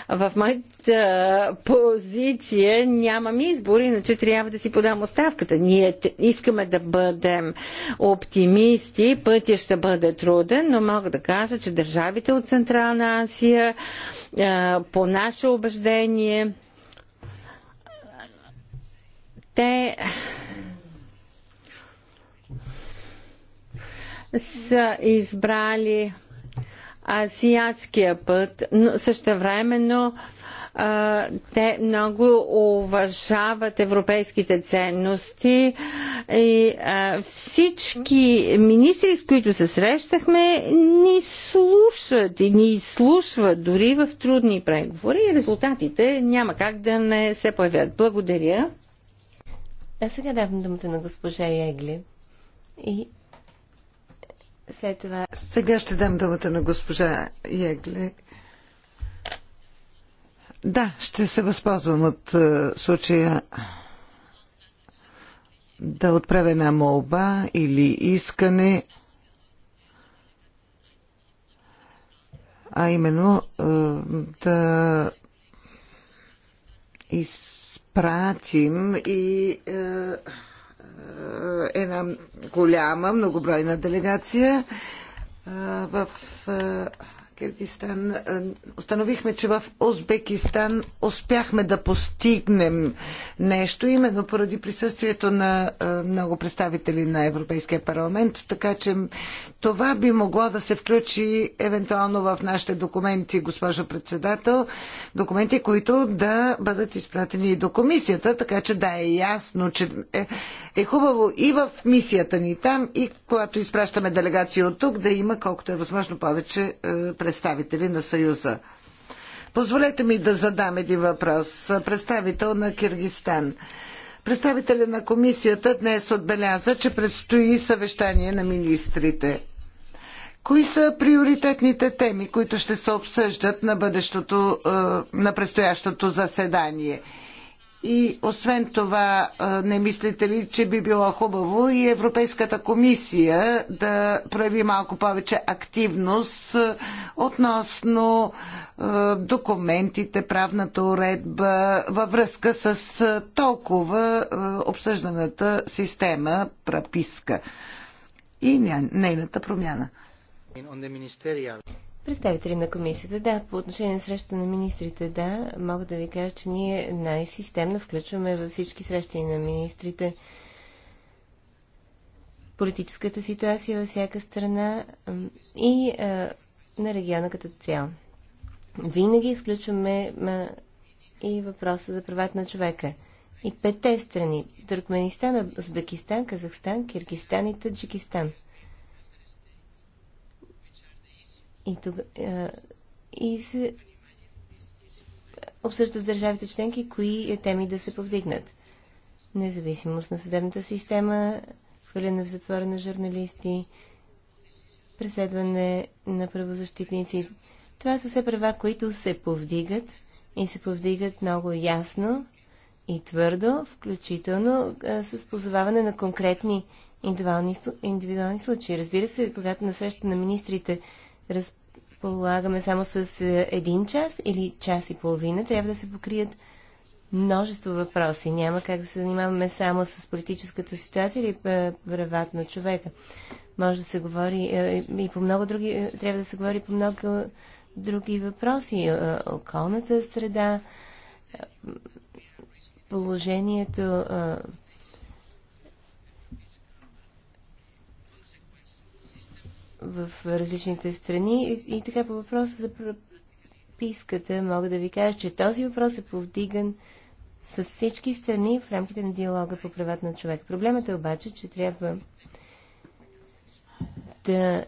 В моята позиция нямам избор, иначе трябва да си подам оставката. Ние искаме да бъдем оптимисти. Пътя ще бъде труден, но мога да кажа, че държавите от Централна Азия по наше убеждение те са избрали азиатския път, но също времено те много уважават европейските ценности и всички министри, с които се срещахме, ни слушат и ни слушват дори в трудни преговори и резултатите няма как да не се появят. Благодаря. А сега давам думата на госпожа Егли и след това... Сега ще дам думата на госпожа Егле. Да, ще се възползвам от е, случая да отправя една молба или искане, а именно е, да изпратим и е, е една голяма, многобройна делегация в Киргистан, е, установихме, че в Узбекистан успяхме да постигнем нещо, именно поради присъствието на е, много представители на Европейския парламент, така че това би могло да се включи евентуално в нашите документи, госпожо председател, документи, които да бъдат изпратени и до комисията, така че да е ясно, че е, е хубаво и в мисията ни там, и когато изпращаме делегации от тук, да има колкото е възможно повече е, представители на Съюза. Позволете ми да задам един въпрос. Представител на Киргистан. Представителя на комисията днес отбеляза, че предстои съвещание на министрите. Кои са приоритетните теми, които ще се обсъждат на бъдещото, е, на предстоящото заседание? И освен това, не мислите ли, че би било хубаво и Европейската комисия да прояви малко повече активност относно документите, правната уредба във връзка с толкова обсъжданата система праписка и нейната промяна? Представители на комисията, да, по отношение на среща на министрите, да, мога да ви кажа, че ние най-системно включваме във всички срещи на министрите политическата ситуация във всяка страна и а, на региона като цяло. Винаги включваме ма, и въпроса за правата на човека. И петте страни Туркменистан, Узбекистан, Казахстан, Киргистан и Таджикистан – И, тук, а, е, и се обсъждат с държавите членки кои теми да се повдигнат. Независимост на съдебната система, хвърляне в затвора на журналисти, преследване на правозащитници. Това са все права, които се повдигат и се повдигат много ясно и твърдо, включително а, е, с позоваване на конкретни индивидуални, индивидуални случаи. Разбира се, когато на среща на министрите разполагаме само с е, един час или час и половина. Трябва да се покрият множество въпроси. Няма как да се занимаваме само с политическата ситуация или е, правата на човека. Може да се говори е, и по много други, трябва да се говори по много други въпроси. Околната среда, положението в в различните страни. И, и така по въпроса за прописката мога да ви кажа, че този въпрос е повдиган с всички страни в рамките на диалога по правата на човек. Проблемът е обаче, че трябва да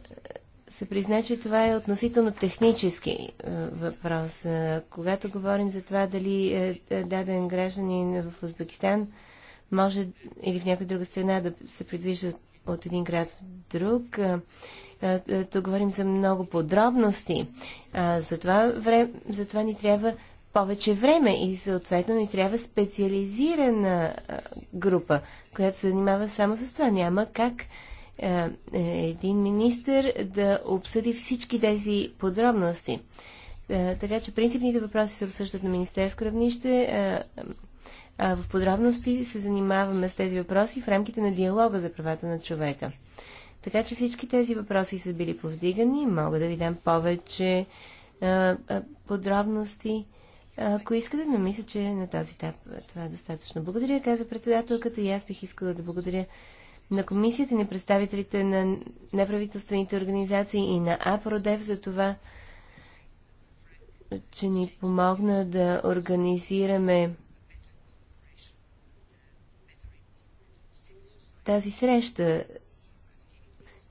се призна, че това е относително технически е, въпрос. Е, когато говорим за това дали е, даден гражданин в Узбекистан може или в някоя друга страна да се придвижи от един град в друг, е, е, тук говорим за много подробности. това, вре... затова ни трябва повече време и съответно ни трябва специализирана е, група, която се занимава само с това. Няма как един министр да обсъди всички тези подробности. Така че принципните въпроси се обсъждат на министерско равнище. В подробности се занимаваме с тези въпроси в рамките на диалога за правата на човека. Така че всички тези въпроси са били повдигани. Мога да ви дам повече а, а, подробности, ако искате, но мисля, че на този етап това е достатъчно. Благодаря, каза председателката и аз бих искала да благодаря на комисията на представителите на неправителствените организации и на АПРОДЕВ за това, че ни помогна да организираме тази среща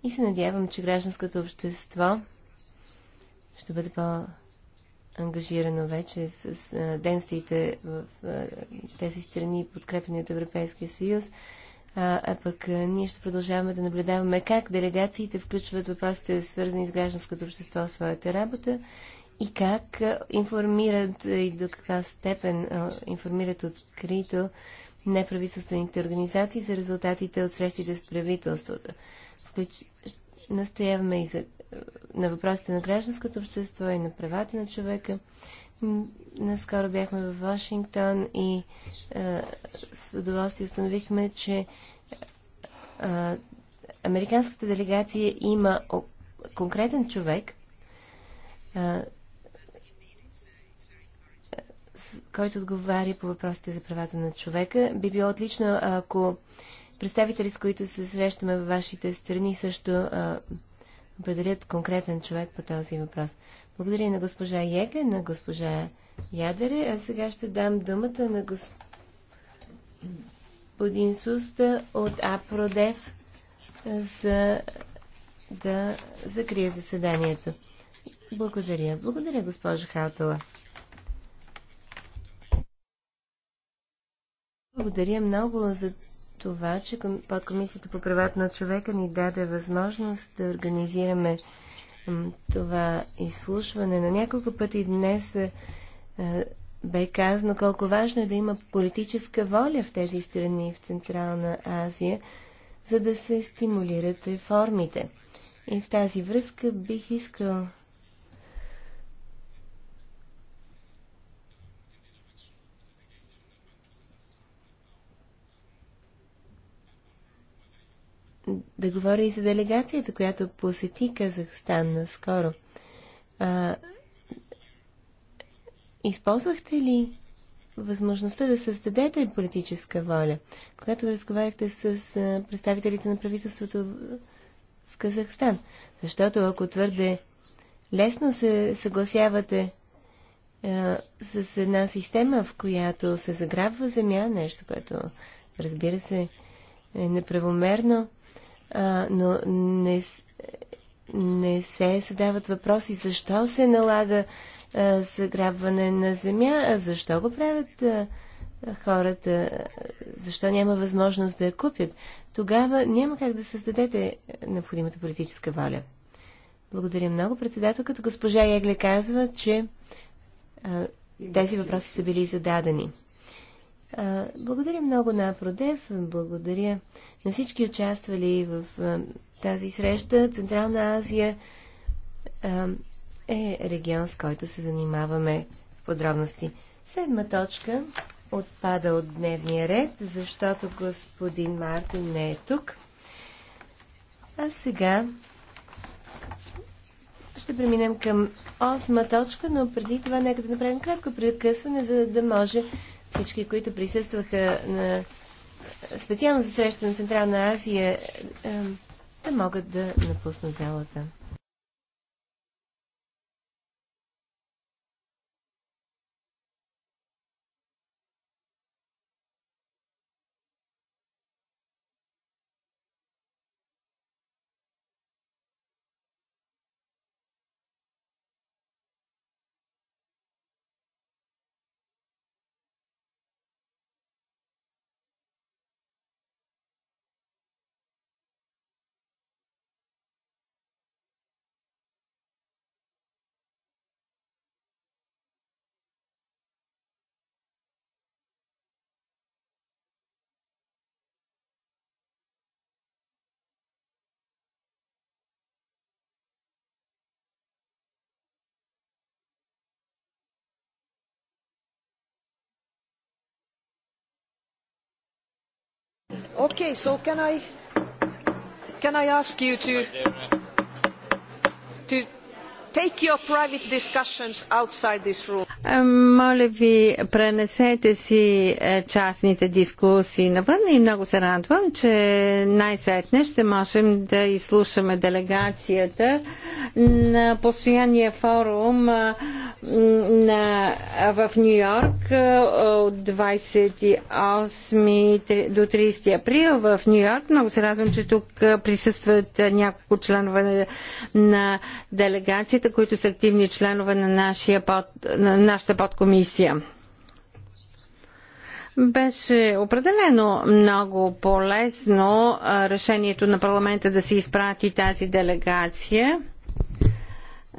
и се надявам, че гражданското общество ще бъде по-ангажирано вече с дейностите в тези страни, подкрепени от Европейския съюз. А, а пък ние ще продължаваме да наблюдаваме как делегациите включват въпросите, свързани с гражданското общество в своята работа и как информират и до каква степен информират открито неправителствените организации за резултатите от срещите с правителството настояваме и за, е, на въпросите на гражданското общество и на правата на човека. Наскоро бяхме в Вашингтон и а, е, с удоволствие установихме, че а, е, американската делегация има о, конкретен човек, а, с, който отговаря по въпросите за правата на човека. Би било отлично, ако а, представители, с които се срещаме във вашите страни, също а, определят конкретен човек по този въпрос. Благодаря на госпожа Еге, на госпожа Ядере, а сега ще дам думата на господин Суста от Апродев за да закрие заседанието. Благодаря. Благодаря, госпожо Халтала. Благодаря много за това, че подкомисията по правата на човека ни даде възможност да организираме това изслушване. На няколко пъти днес е, е, бе казано колко важно е да има политическа воля в тези страни в Централна Азия, за да се стимулират реформите. И в тази връзка бих искал да говоря и за делегацията, която посети Казахстан наскоро. А, използвахте ли възможността да създадете политическа воля? Когато разговаряхте с а, представителите на правителството в Казахстан, защото ако твърде лесно се съгласявате а, с една система, в която се заграбва земя, нещо, което разбира се е неправомерно, а, но не, не се задават въпроси защо се налага заграбване на земя, а защо го правят а, хората, защо няма възможност да я купят. Тогава няма как да създадете необходимата политическа воля. Благодаря много. Председателката госпожа Егле казва, че а, тези въпроси са били зададени. Благодаря много на Продев, благодаря на всички участвали в тази среща. Централна Азия е регион, с който се занимаваме в подробности. Седма точка отпада от дневния ред, защото господин Мартин не е тук. А сега ще преминем към осма точка, но преди това нека да направим кратко прекъсване, за да може всички, които присъстваха на специално за среща на Централна Азия, да могат да напуснат залата. Okay, so can I can I ask you to to take your private discussions outside this room? Е, моля ви, пренесете си е, частните дискусии навън и много се радвам, че най-сетне ще можем да изслушаме делегацията на постоянния форум е, на, в Нью Йорк от 28 до 30 април в Нью Йорк. Много се радвам, че тук присъстват няколко членове на, делегацията, които са активни членове на нашия под, на нашата подкомисия. Беше определено много полезно решението на парламента да се изпрати тази делегация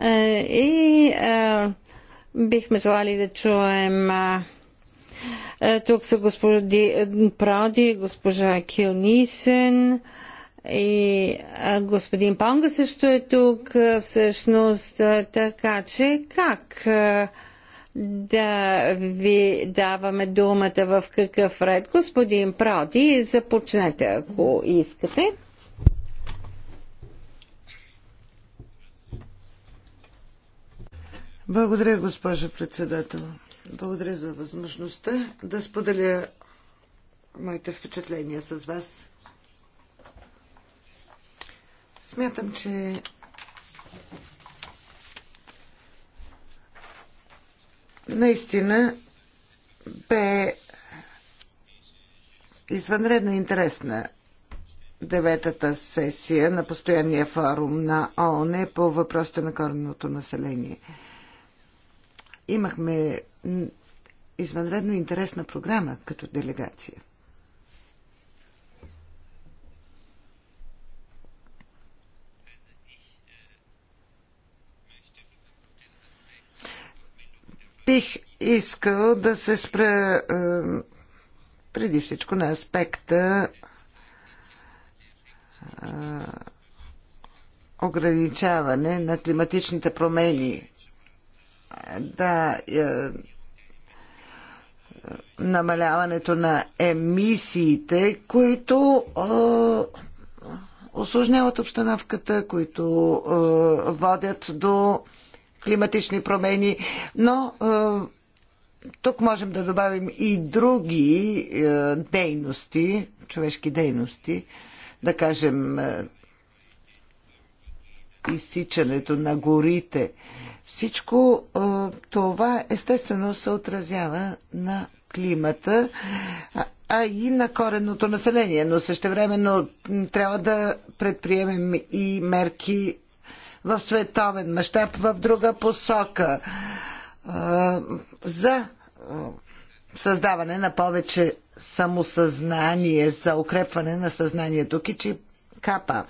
е, и е, бихме желали да чуем е, тук са господи Проди, госпожа Килнисен и господин Панга също е тук всъщност. Така че как да ви даваме думата в какъв ред. Господин Проди, започнете, ако искате. Благодаря, госпожа председател. Благодаря за възможността да споделя моите впечатления с вас. Смятам, че наистина бе извънредно интересна деветата сесия на постоянния форум на ООН по въпросите на коренното население. Имахме извънредно интересна програма като делегация. Бих искал да се спра е, преди всичко на аспекта е, ограничаване на климатичните промени. Да, е, намаляването на емисиите, които осложняват обстановката, които водят до климатични промени, но е, тук можем да добавим и други е, дейности, човешки дейности, да кажем е, изсичането на горите. Всичко това естествено се отразява на климата, а и на коренното население, но същевременно трябва да предприемем и мерки в световен мащаб в друга посока за създаване на повече самосъзнание, за укрепване на съзнанието. Кичи капа.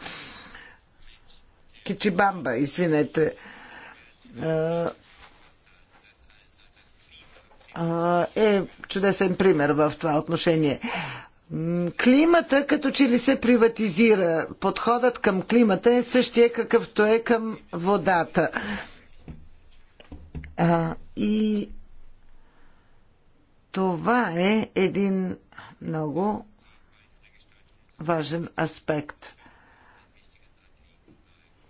Кичибамба, извинете. Е чудесен пример в това отношение. Климата като че ли се приватизира. Подходът към климата е същия какъвто е към водата. А, и това е един много важен аспект.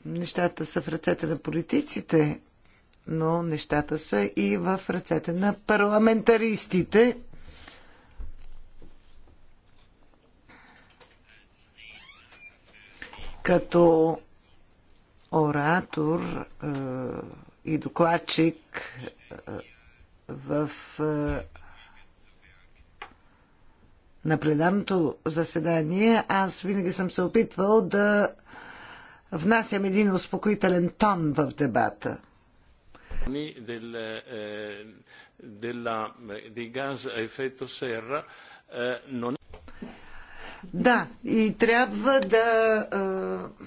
Нещата са в ръцете на политиците, но нещата са и в ръцете на парламентаристите Като оратор е, и докладчик е, в е, на пленарното заседание аз винаги съм се опитвал да внасям един успокоителен тон в дебата. Del, della, di gas a effetto serra eh, non да, и трябва да е,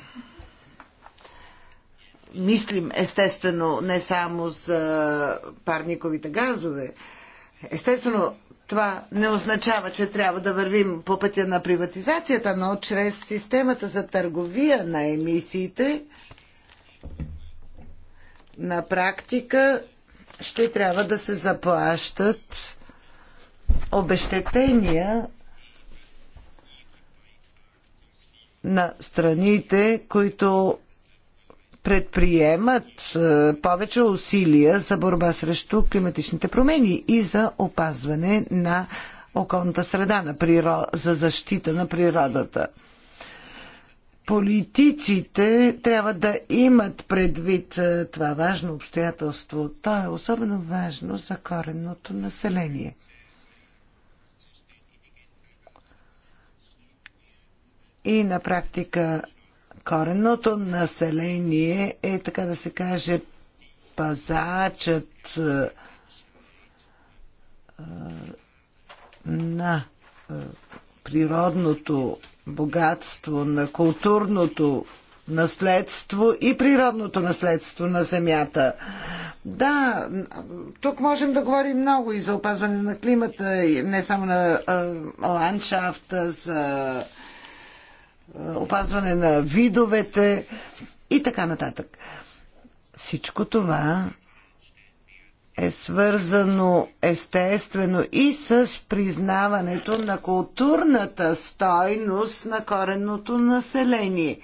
мислим естествено не само за парниковите газове. Естествено, това не означава, че трябва да вървим по пътя на приватизацията, но чрез системата за търговия на емисиите на практика ще трябва да се заплащат обещетения на страните, които предприемат е, повече усилия за борба срещу климатичните промени и за опазване на околната среда, на природ... за защита на природата. Политиците трябва да имат предвид е, това важно обстоятелство. То е особено важно за коренното население – и на практика коренното население е, така да се каже, пазачът е, е, на е, природното богатство, на културното наследство и природното наследство на Земята. Да, тук можем да говорим много и за опазване на климата, не само на ландшафта, за е, опазване на видовете и така нататък. Всичко това е свързано естествено и с признаването на културната стойност на коренното население.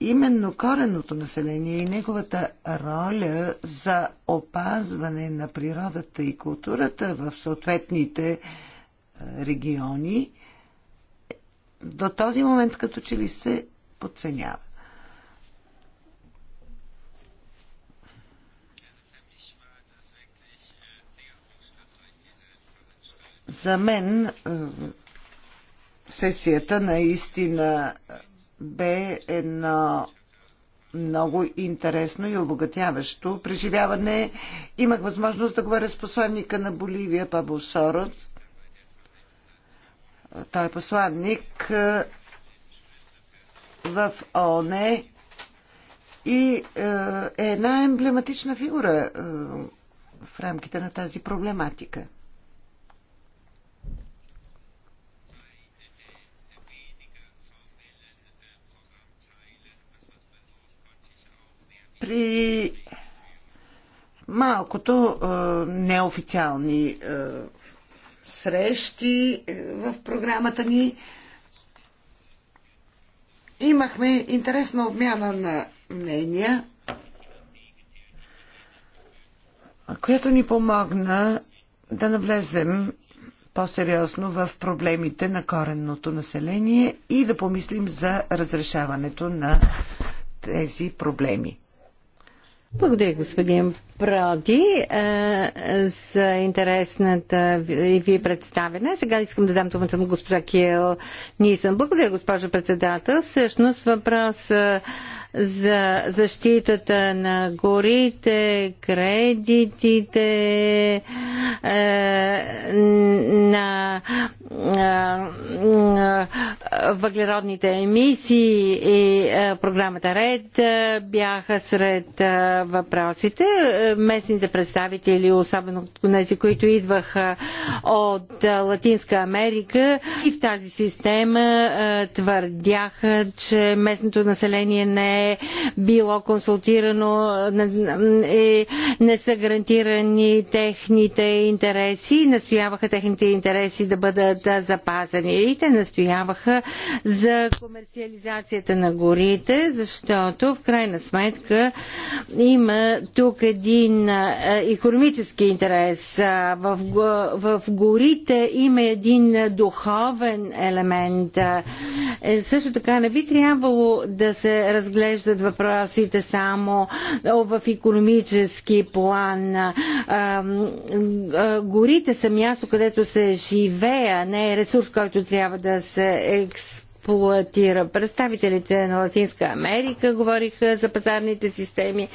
Именно коренното население и неговата роля за опазване на природата и културата в съответните региони, до този момент като че ли се подценява. За мен е, сесията наистина бе едно много интересно и обогатяващо преживяване. Имах възможност да говоря с посланника на Боливия Пабло Сорот, той е посланник е, в ООН и е, е една емблематична фигура е, в рамките на тази проблематика. При малкото неофициални срещи е, в програмата ни. Имахме интересна обмяна на мнения, която ни помогна да навлезем по-сериозно в проблемите на коренното население и да помислим за разрешаването на тези проблеми. Благодаря, господин Проди, за интересната ви представена. Сега искам да дам думата на госпожа Кил Нисън. Благодаря, госпожа председател. Всъщност въпрос за защитата на горите, кредитите е, на е, въглеродните емисии и е, програмата Ред е, бяха сред въпросите. Местните представители, особено тези, които идваха от Латинска Америка и в тази система твърдяха, че местното население не е било консултирано е, не са гарантирани техните интереси настояваха техните интереси да бъдат запазени. И те настояваха за комерциализацията на горите, защото в крайна сметка има тук един економически интерес. В, в горите има един духовен елемент. Е, също така не би трябвало да се разглежда разглеждат въпросите само в економически план. Горите са място, където се живее, а не е ресурс, който трябва да се експлуатира експлуатира. Представителите на Латинска Америка говориха за пазарните системи,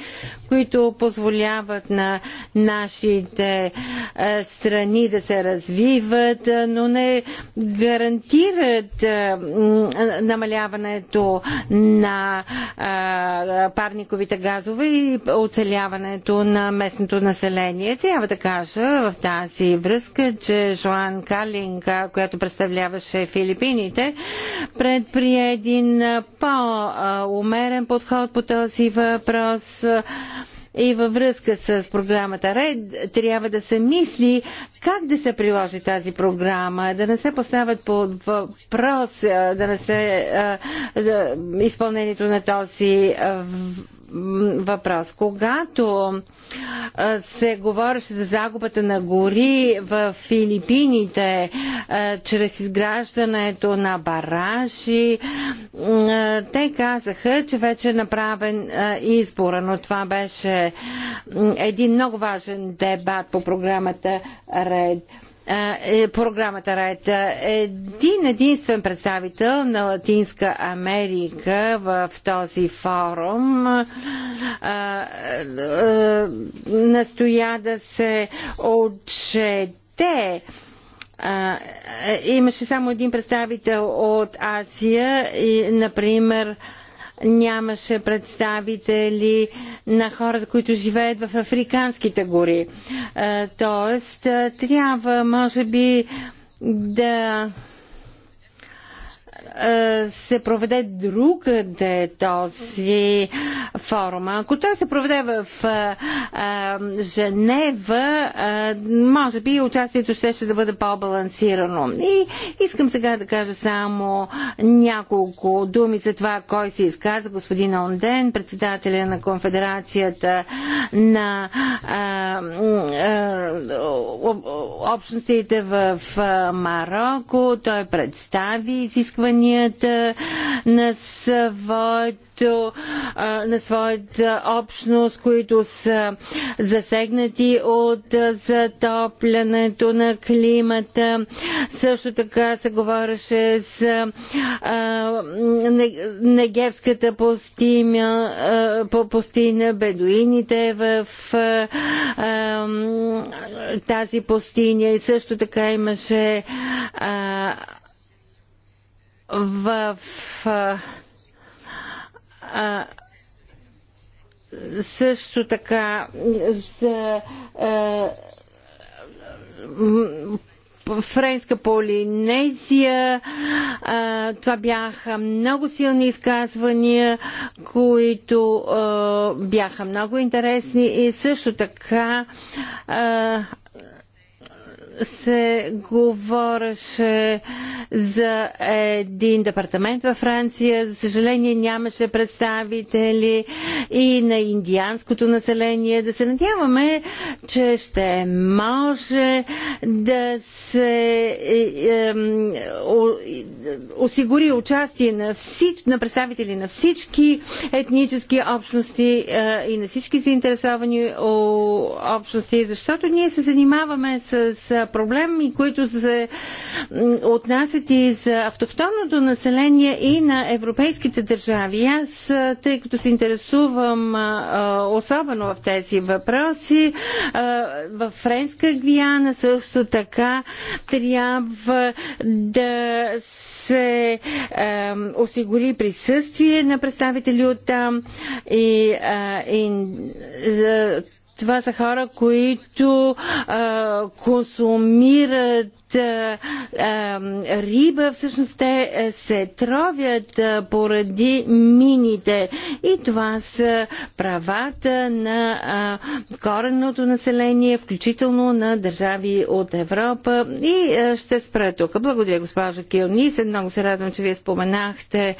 които позволяват на нашите е, страни да се развиват, е, но не гарантират е, намаляването на парниковите газове и оцеляването на местното население. Трябва да кажа в тази връзка, че Жоан Калинг, която представляваше Филипините, предприе един по-умерен подход по този въпрос и във връзка с програмата РЕД трябва да се мисли как да се приложи тази програма, да не се поставят под въпрос, да не се да, изпълнението на този въпрос. Когато се говореше за загубата на гори в Филипините чрез изграждането на баражи, те казаха, че вече е направен избора, но това беше един много важен дебат по програмата Ред. Е, програмата Райт. Един единствен представител на Латинска Америка в този форум настоя да се отчете е, имаше само един представител от Азия и, например, нямаше представители на хората, които живеят в африканските гори. Е, тоест, е, трябва, може би, да е, се проведе другаде този форум. Ако той се проведе в е, е, Женева, може би участието ще, ще да бъде по-балансирано. И искам сега да кажа само няколко думи за това, кой се изказа. Господин Онден, председателя на Конфедерацията на общностите в Марокко, той представи изисквания изискванията на своето, на своята общност, които са засегнати от затоплянето на климата. Също така се говореше а, Негевската пустиня, пустиня бедуините в тази пустиня и също така имаше в а, също така за а, Френска Полинезия. А, това бяха много силни изказвания, които а, бяха много интересни и също така а, се говореше за един департамент във Франция. За съжаление нямаше представители и на индианското население. Да се надяваме, че ще може да се е, е, осигури участие на, всич, на представители на всички етнически общности е, и на всички заинтересовани общности, защото ние се занимаваме с и които се отнасят и за автохтонното население и на европейските държави. Аз, тъй като се интересувам особено в тези въпроси, в Френска Гвиана също така трябва да се осигури присъствие на представители от там и, и това са хора, които а, консумират е, е, риба, всъщност те е, се тровят поради мините. И това са правата на коренното население, включително на държави от Европа. И ще спра тук. Благодаря, госпожа Килнис. Много се радвам, че вие споменахте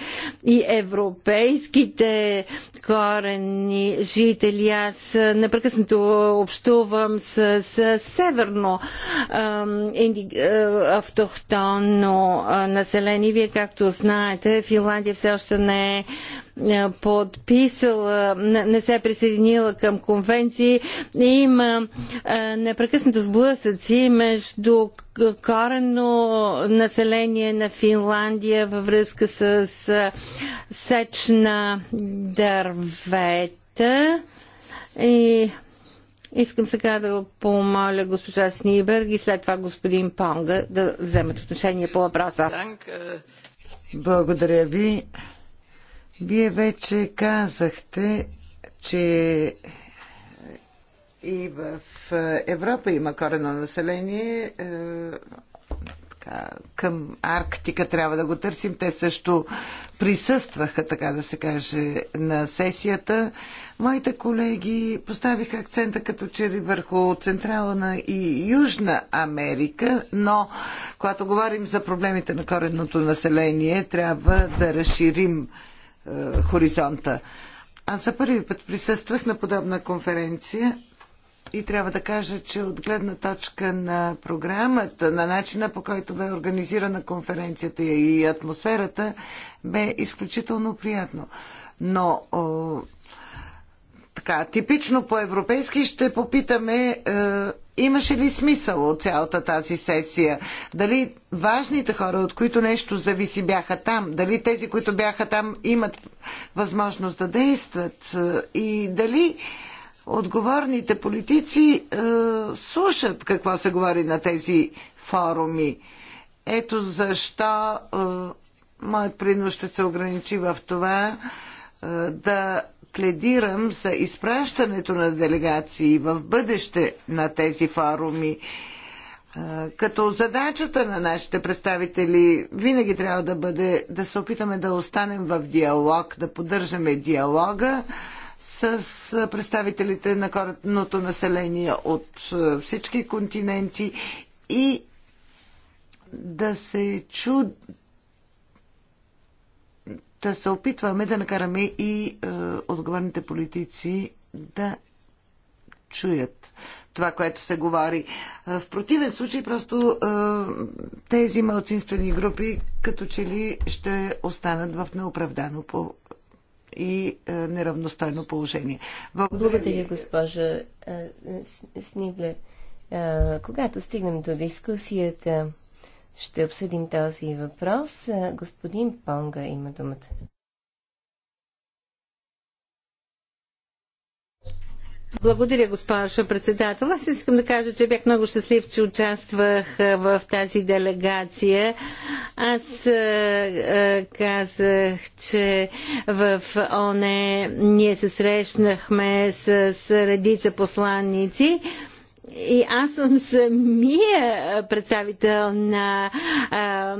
и европейските корени жители. Аз непрекъснато общувам с, с северно инди е, автохтонно е, население. Вие, както знаете, Финландия все още не е, е подписала, не се е присъединила към конвенции. Има непрекъснато сблъсъци между корено население на Финландия във връзка с сечна дървета и Искам сега да помоля госпожа Сниберг и след това господин Понга да вземат отношение по въпроса. Благодаря ви. Вие вече казахте, че и в Европа има корено население, е, към Арктика трябва да го търсим. Те също присъстваха, така да се каже, на сесията. Моите колеги поставиха акцента като че ли върху Централна и Южна Америка, но когато говорим за проблемите на коренното население, трябва да разширим е, хоризонта. Аз за първи път присъствах на подобна конференция и трябва да кажа, че от гледна точка на програмата, на начина по който бе организирана конференцията и атмосферата, бе изключително приятно. Но о, така, типично по-европейски ще попитаме е, имаше ли смисъл от цялата тази сесия? Дали важните хора, от които нещо зависи, бяха там? Дали тези, които бяха там, имат възможност да действат? Е, и дали е, отговорните политици е, слушат какво се говори на тези форуми. Ето защо е, моят принос ще се ограничи в това е, да пледирам за изпращането на делегации в бъдеще на тези форуми. Е, като задачата на нашите представители винаги трябва да бъде да се опитаме да останем в диалог, да поддържаме диалога, с представителите на коренното население от всички континенти и да се чу да се опитваме да накараме и е, отговорните политици да чуят това, което се говори. В противен случай просто е, тези малцинствени групи като че ли ще останат в неоправдано по и е, неравностойно положение. Благодаря, Благодаря госпожа е, Снибле. Е, когато стигнем до дискусията, ще обсъдим този въпрос. Господин Понга има думата. Благодаря, госпожо председател. Аз искам да кажа, че бях много щастлив, че участвах в тази делегация. Аз казах, че в ОНЕ ние се срещнахме с, с редица посланници. И аз съм самия представител на а,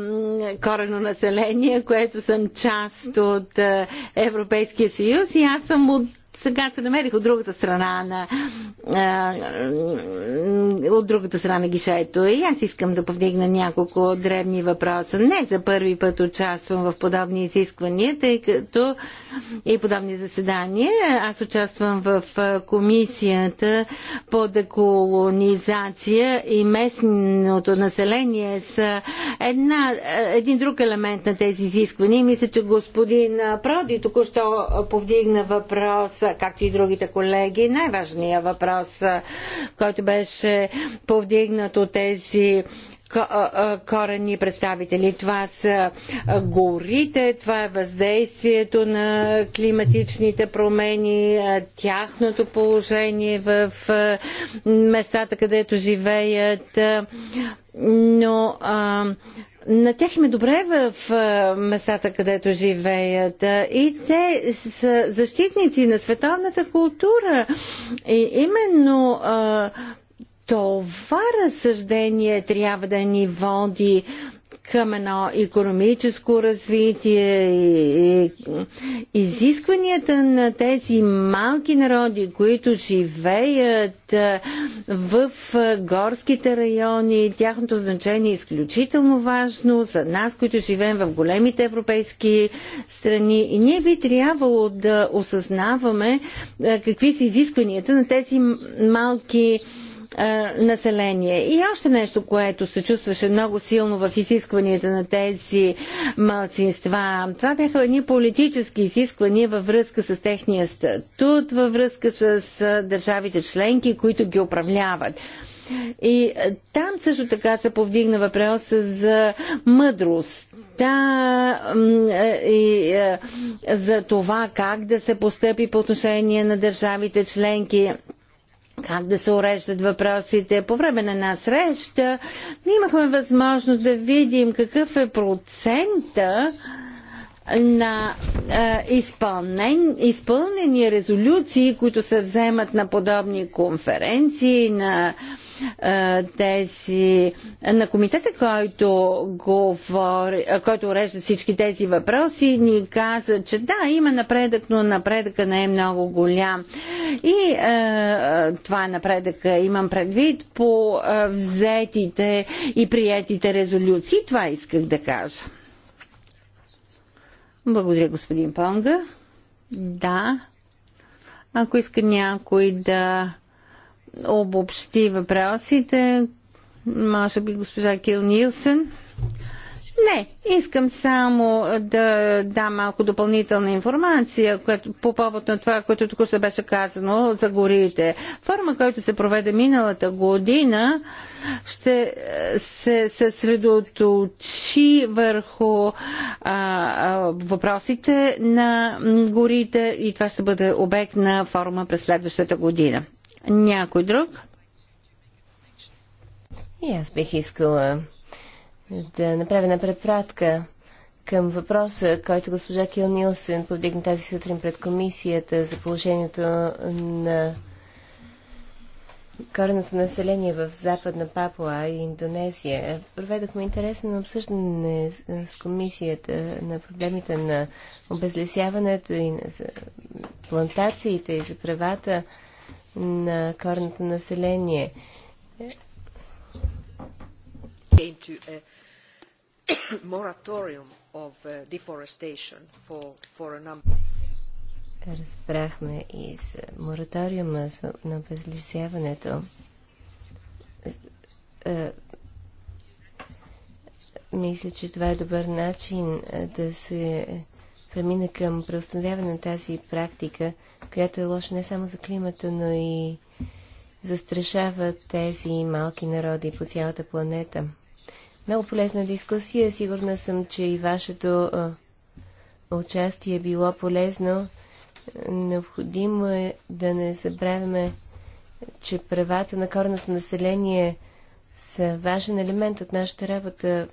корено население, което съм част от а, Европейския съюз и аз съм от сега се намерих от другата страна на от другата страна на гишето и аз искам да повдигна няколко древни въпроса. Не за първи път участвам в подобни изисквания, тъй като и подобни заседания. Аз участвам в комисията по деколонизация и местното население с една, един друг елемент на тези изисквания. мисля, че господин Проди току-що повдигна въпрос както и другите колеги, най-важният въпрос, който беше повдигнат от тези коренни представители. Това са горите, това е въздействието на климатичните промени, тяхното положение в местата, където живеят. Но а, на тях ме добре в местата, където живеят. И те са защитници на световната култура. И именно това разсъждение трябва да ни води към едно економическо развитие и, изискванията на тези малки народи, които живеят в горските райони, тяхното значение е изключително важно за нас, които живеем в големите европейски страни. И ние би трябвало да осъзнаваме какви са изискванията на тези малки население. И още нещо, което се чувстваше много силно в изискванията на тези малцинства. Това бяха едни политически изисквания във връзка с техния статут, във връзка с държавите членки, които ги управляват. И там също така се повдигна въпроса за мъдрост. Да, и за това как да се постъпи по отношение на държавите членки как да се уреждат въпросите. По време на една среща имахме възможност да видим какъв е процента на е, изпълнен, изпълнени резолюции, които се вземат на подобни конференции, на тези, на комитета, който, говори, който урежда всички тези въпроси, ни каза, че да, има напредък, но напредъка не е много голям. И а, това е напредък имам предвид, по взетите и приетите резолюции. Това исках да кажа. Благодаря, господин Понга. Да. Ако иска някой да обобщи въпросите. Може би госпожа Кил Нилсен. Не, искам само да дам малко допълнителна информация която, по повод на това, което току-що беше казано за горите. Форма, който се проведе миналата година, ще се съсредоточи върху а, а, въпросите на горите и това ще бъде обект на форума през следващата година. Някой друг? И аз бих искала да направя на препратка към въпроса, който госпожа Кил Нилсен повдигна тази сутрин пред комисията за положението на кореното население в Западна Папуа и Индонезия. Проведохме интересно обсъждане с комисията на проблемите на обезлесяването и на плантациите и за правата на корното население. Uh, разбрахме и с мораториума на обезлесяването, е, мисля, че това е добър начин е, да се премина към преустановяване на тази практика, която е лоша не само за климата, но и застрашава тези малки народи по цялата планета. Много полезна дискусия. Сигурна съм, че и вашето а, участие е било полезно. Необходимо е да не забравяме, че правата на корното население са важен елемент от нашата работа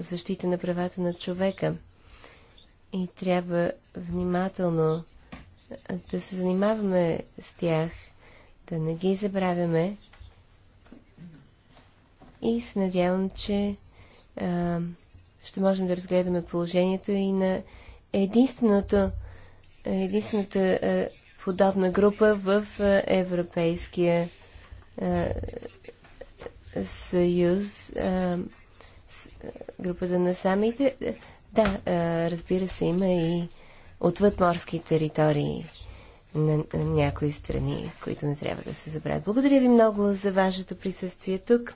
в защита на правата на човека и трябва внимателно да се занимаваме с тях, да не ги забравяме. И се надявам, че а, ще можем да разгледаме положението и на единственото, единствената а, подобна група в а, Европейския а, съюз, а, с, а, групата на самите. Да, е, разбира се, има и отвъд морски територии на някои страни, които не трябва да се забравят. Благодаря ви много за вашето присъствие тук.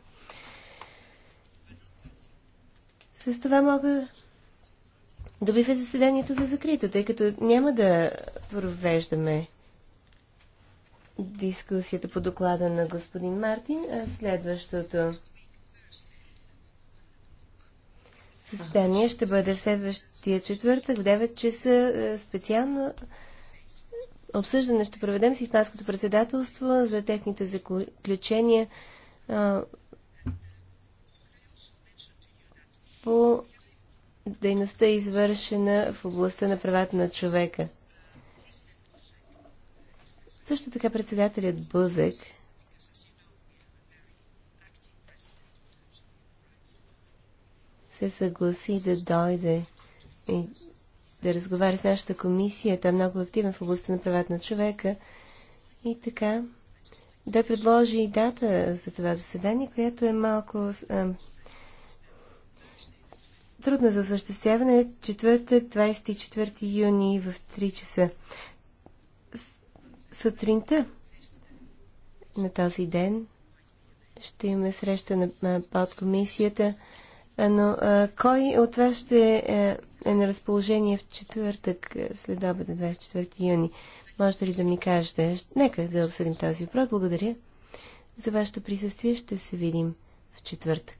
С това мога да бива заседанието за закрито, тъй като няма да провеждаме дискусията по доклада на господин Мартин, а следващото Заседание ще бъде следващия четвъртък в 9 часа. Е, специално обсъждане ще проведем с Испанското председателство за техните заключения е, по дейността извършена в областта на правата на човека. Също така председателят Бузек се съгласи да дойде и да разговаря с нашата комисия. Той е много активен в областта на правата на човека. И така, да предложи и дата за това заседание, която е малко а, трудна за осъществяване. Четвъртък, 24 юни в 3 часа. сутринта на този ден ще имаме среща на подкомисията. Но а, кой от вас ще е, е на разположение в четвъртък, е, след обеда, 24 юни? Можете ли да ми кажете? Нека да обсъдим този въпрос. Благодаря за вашето присъствие. Ще се видим в четвъртък.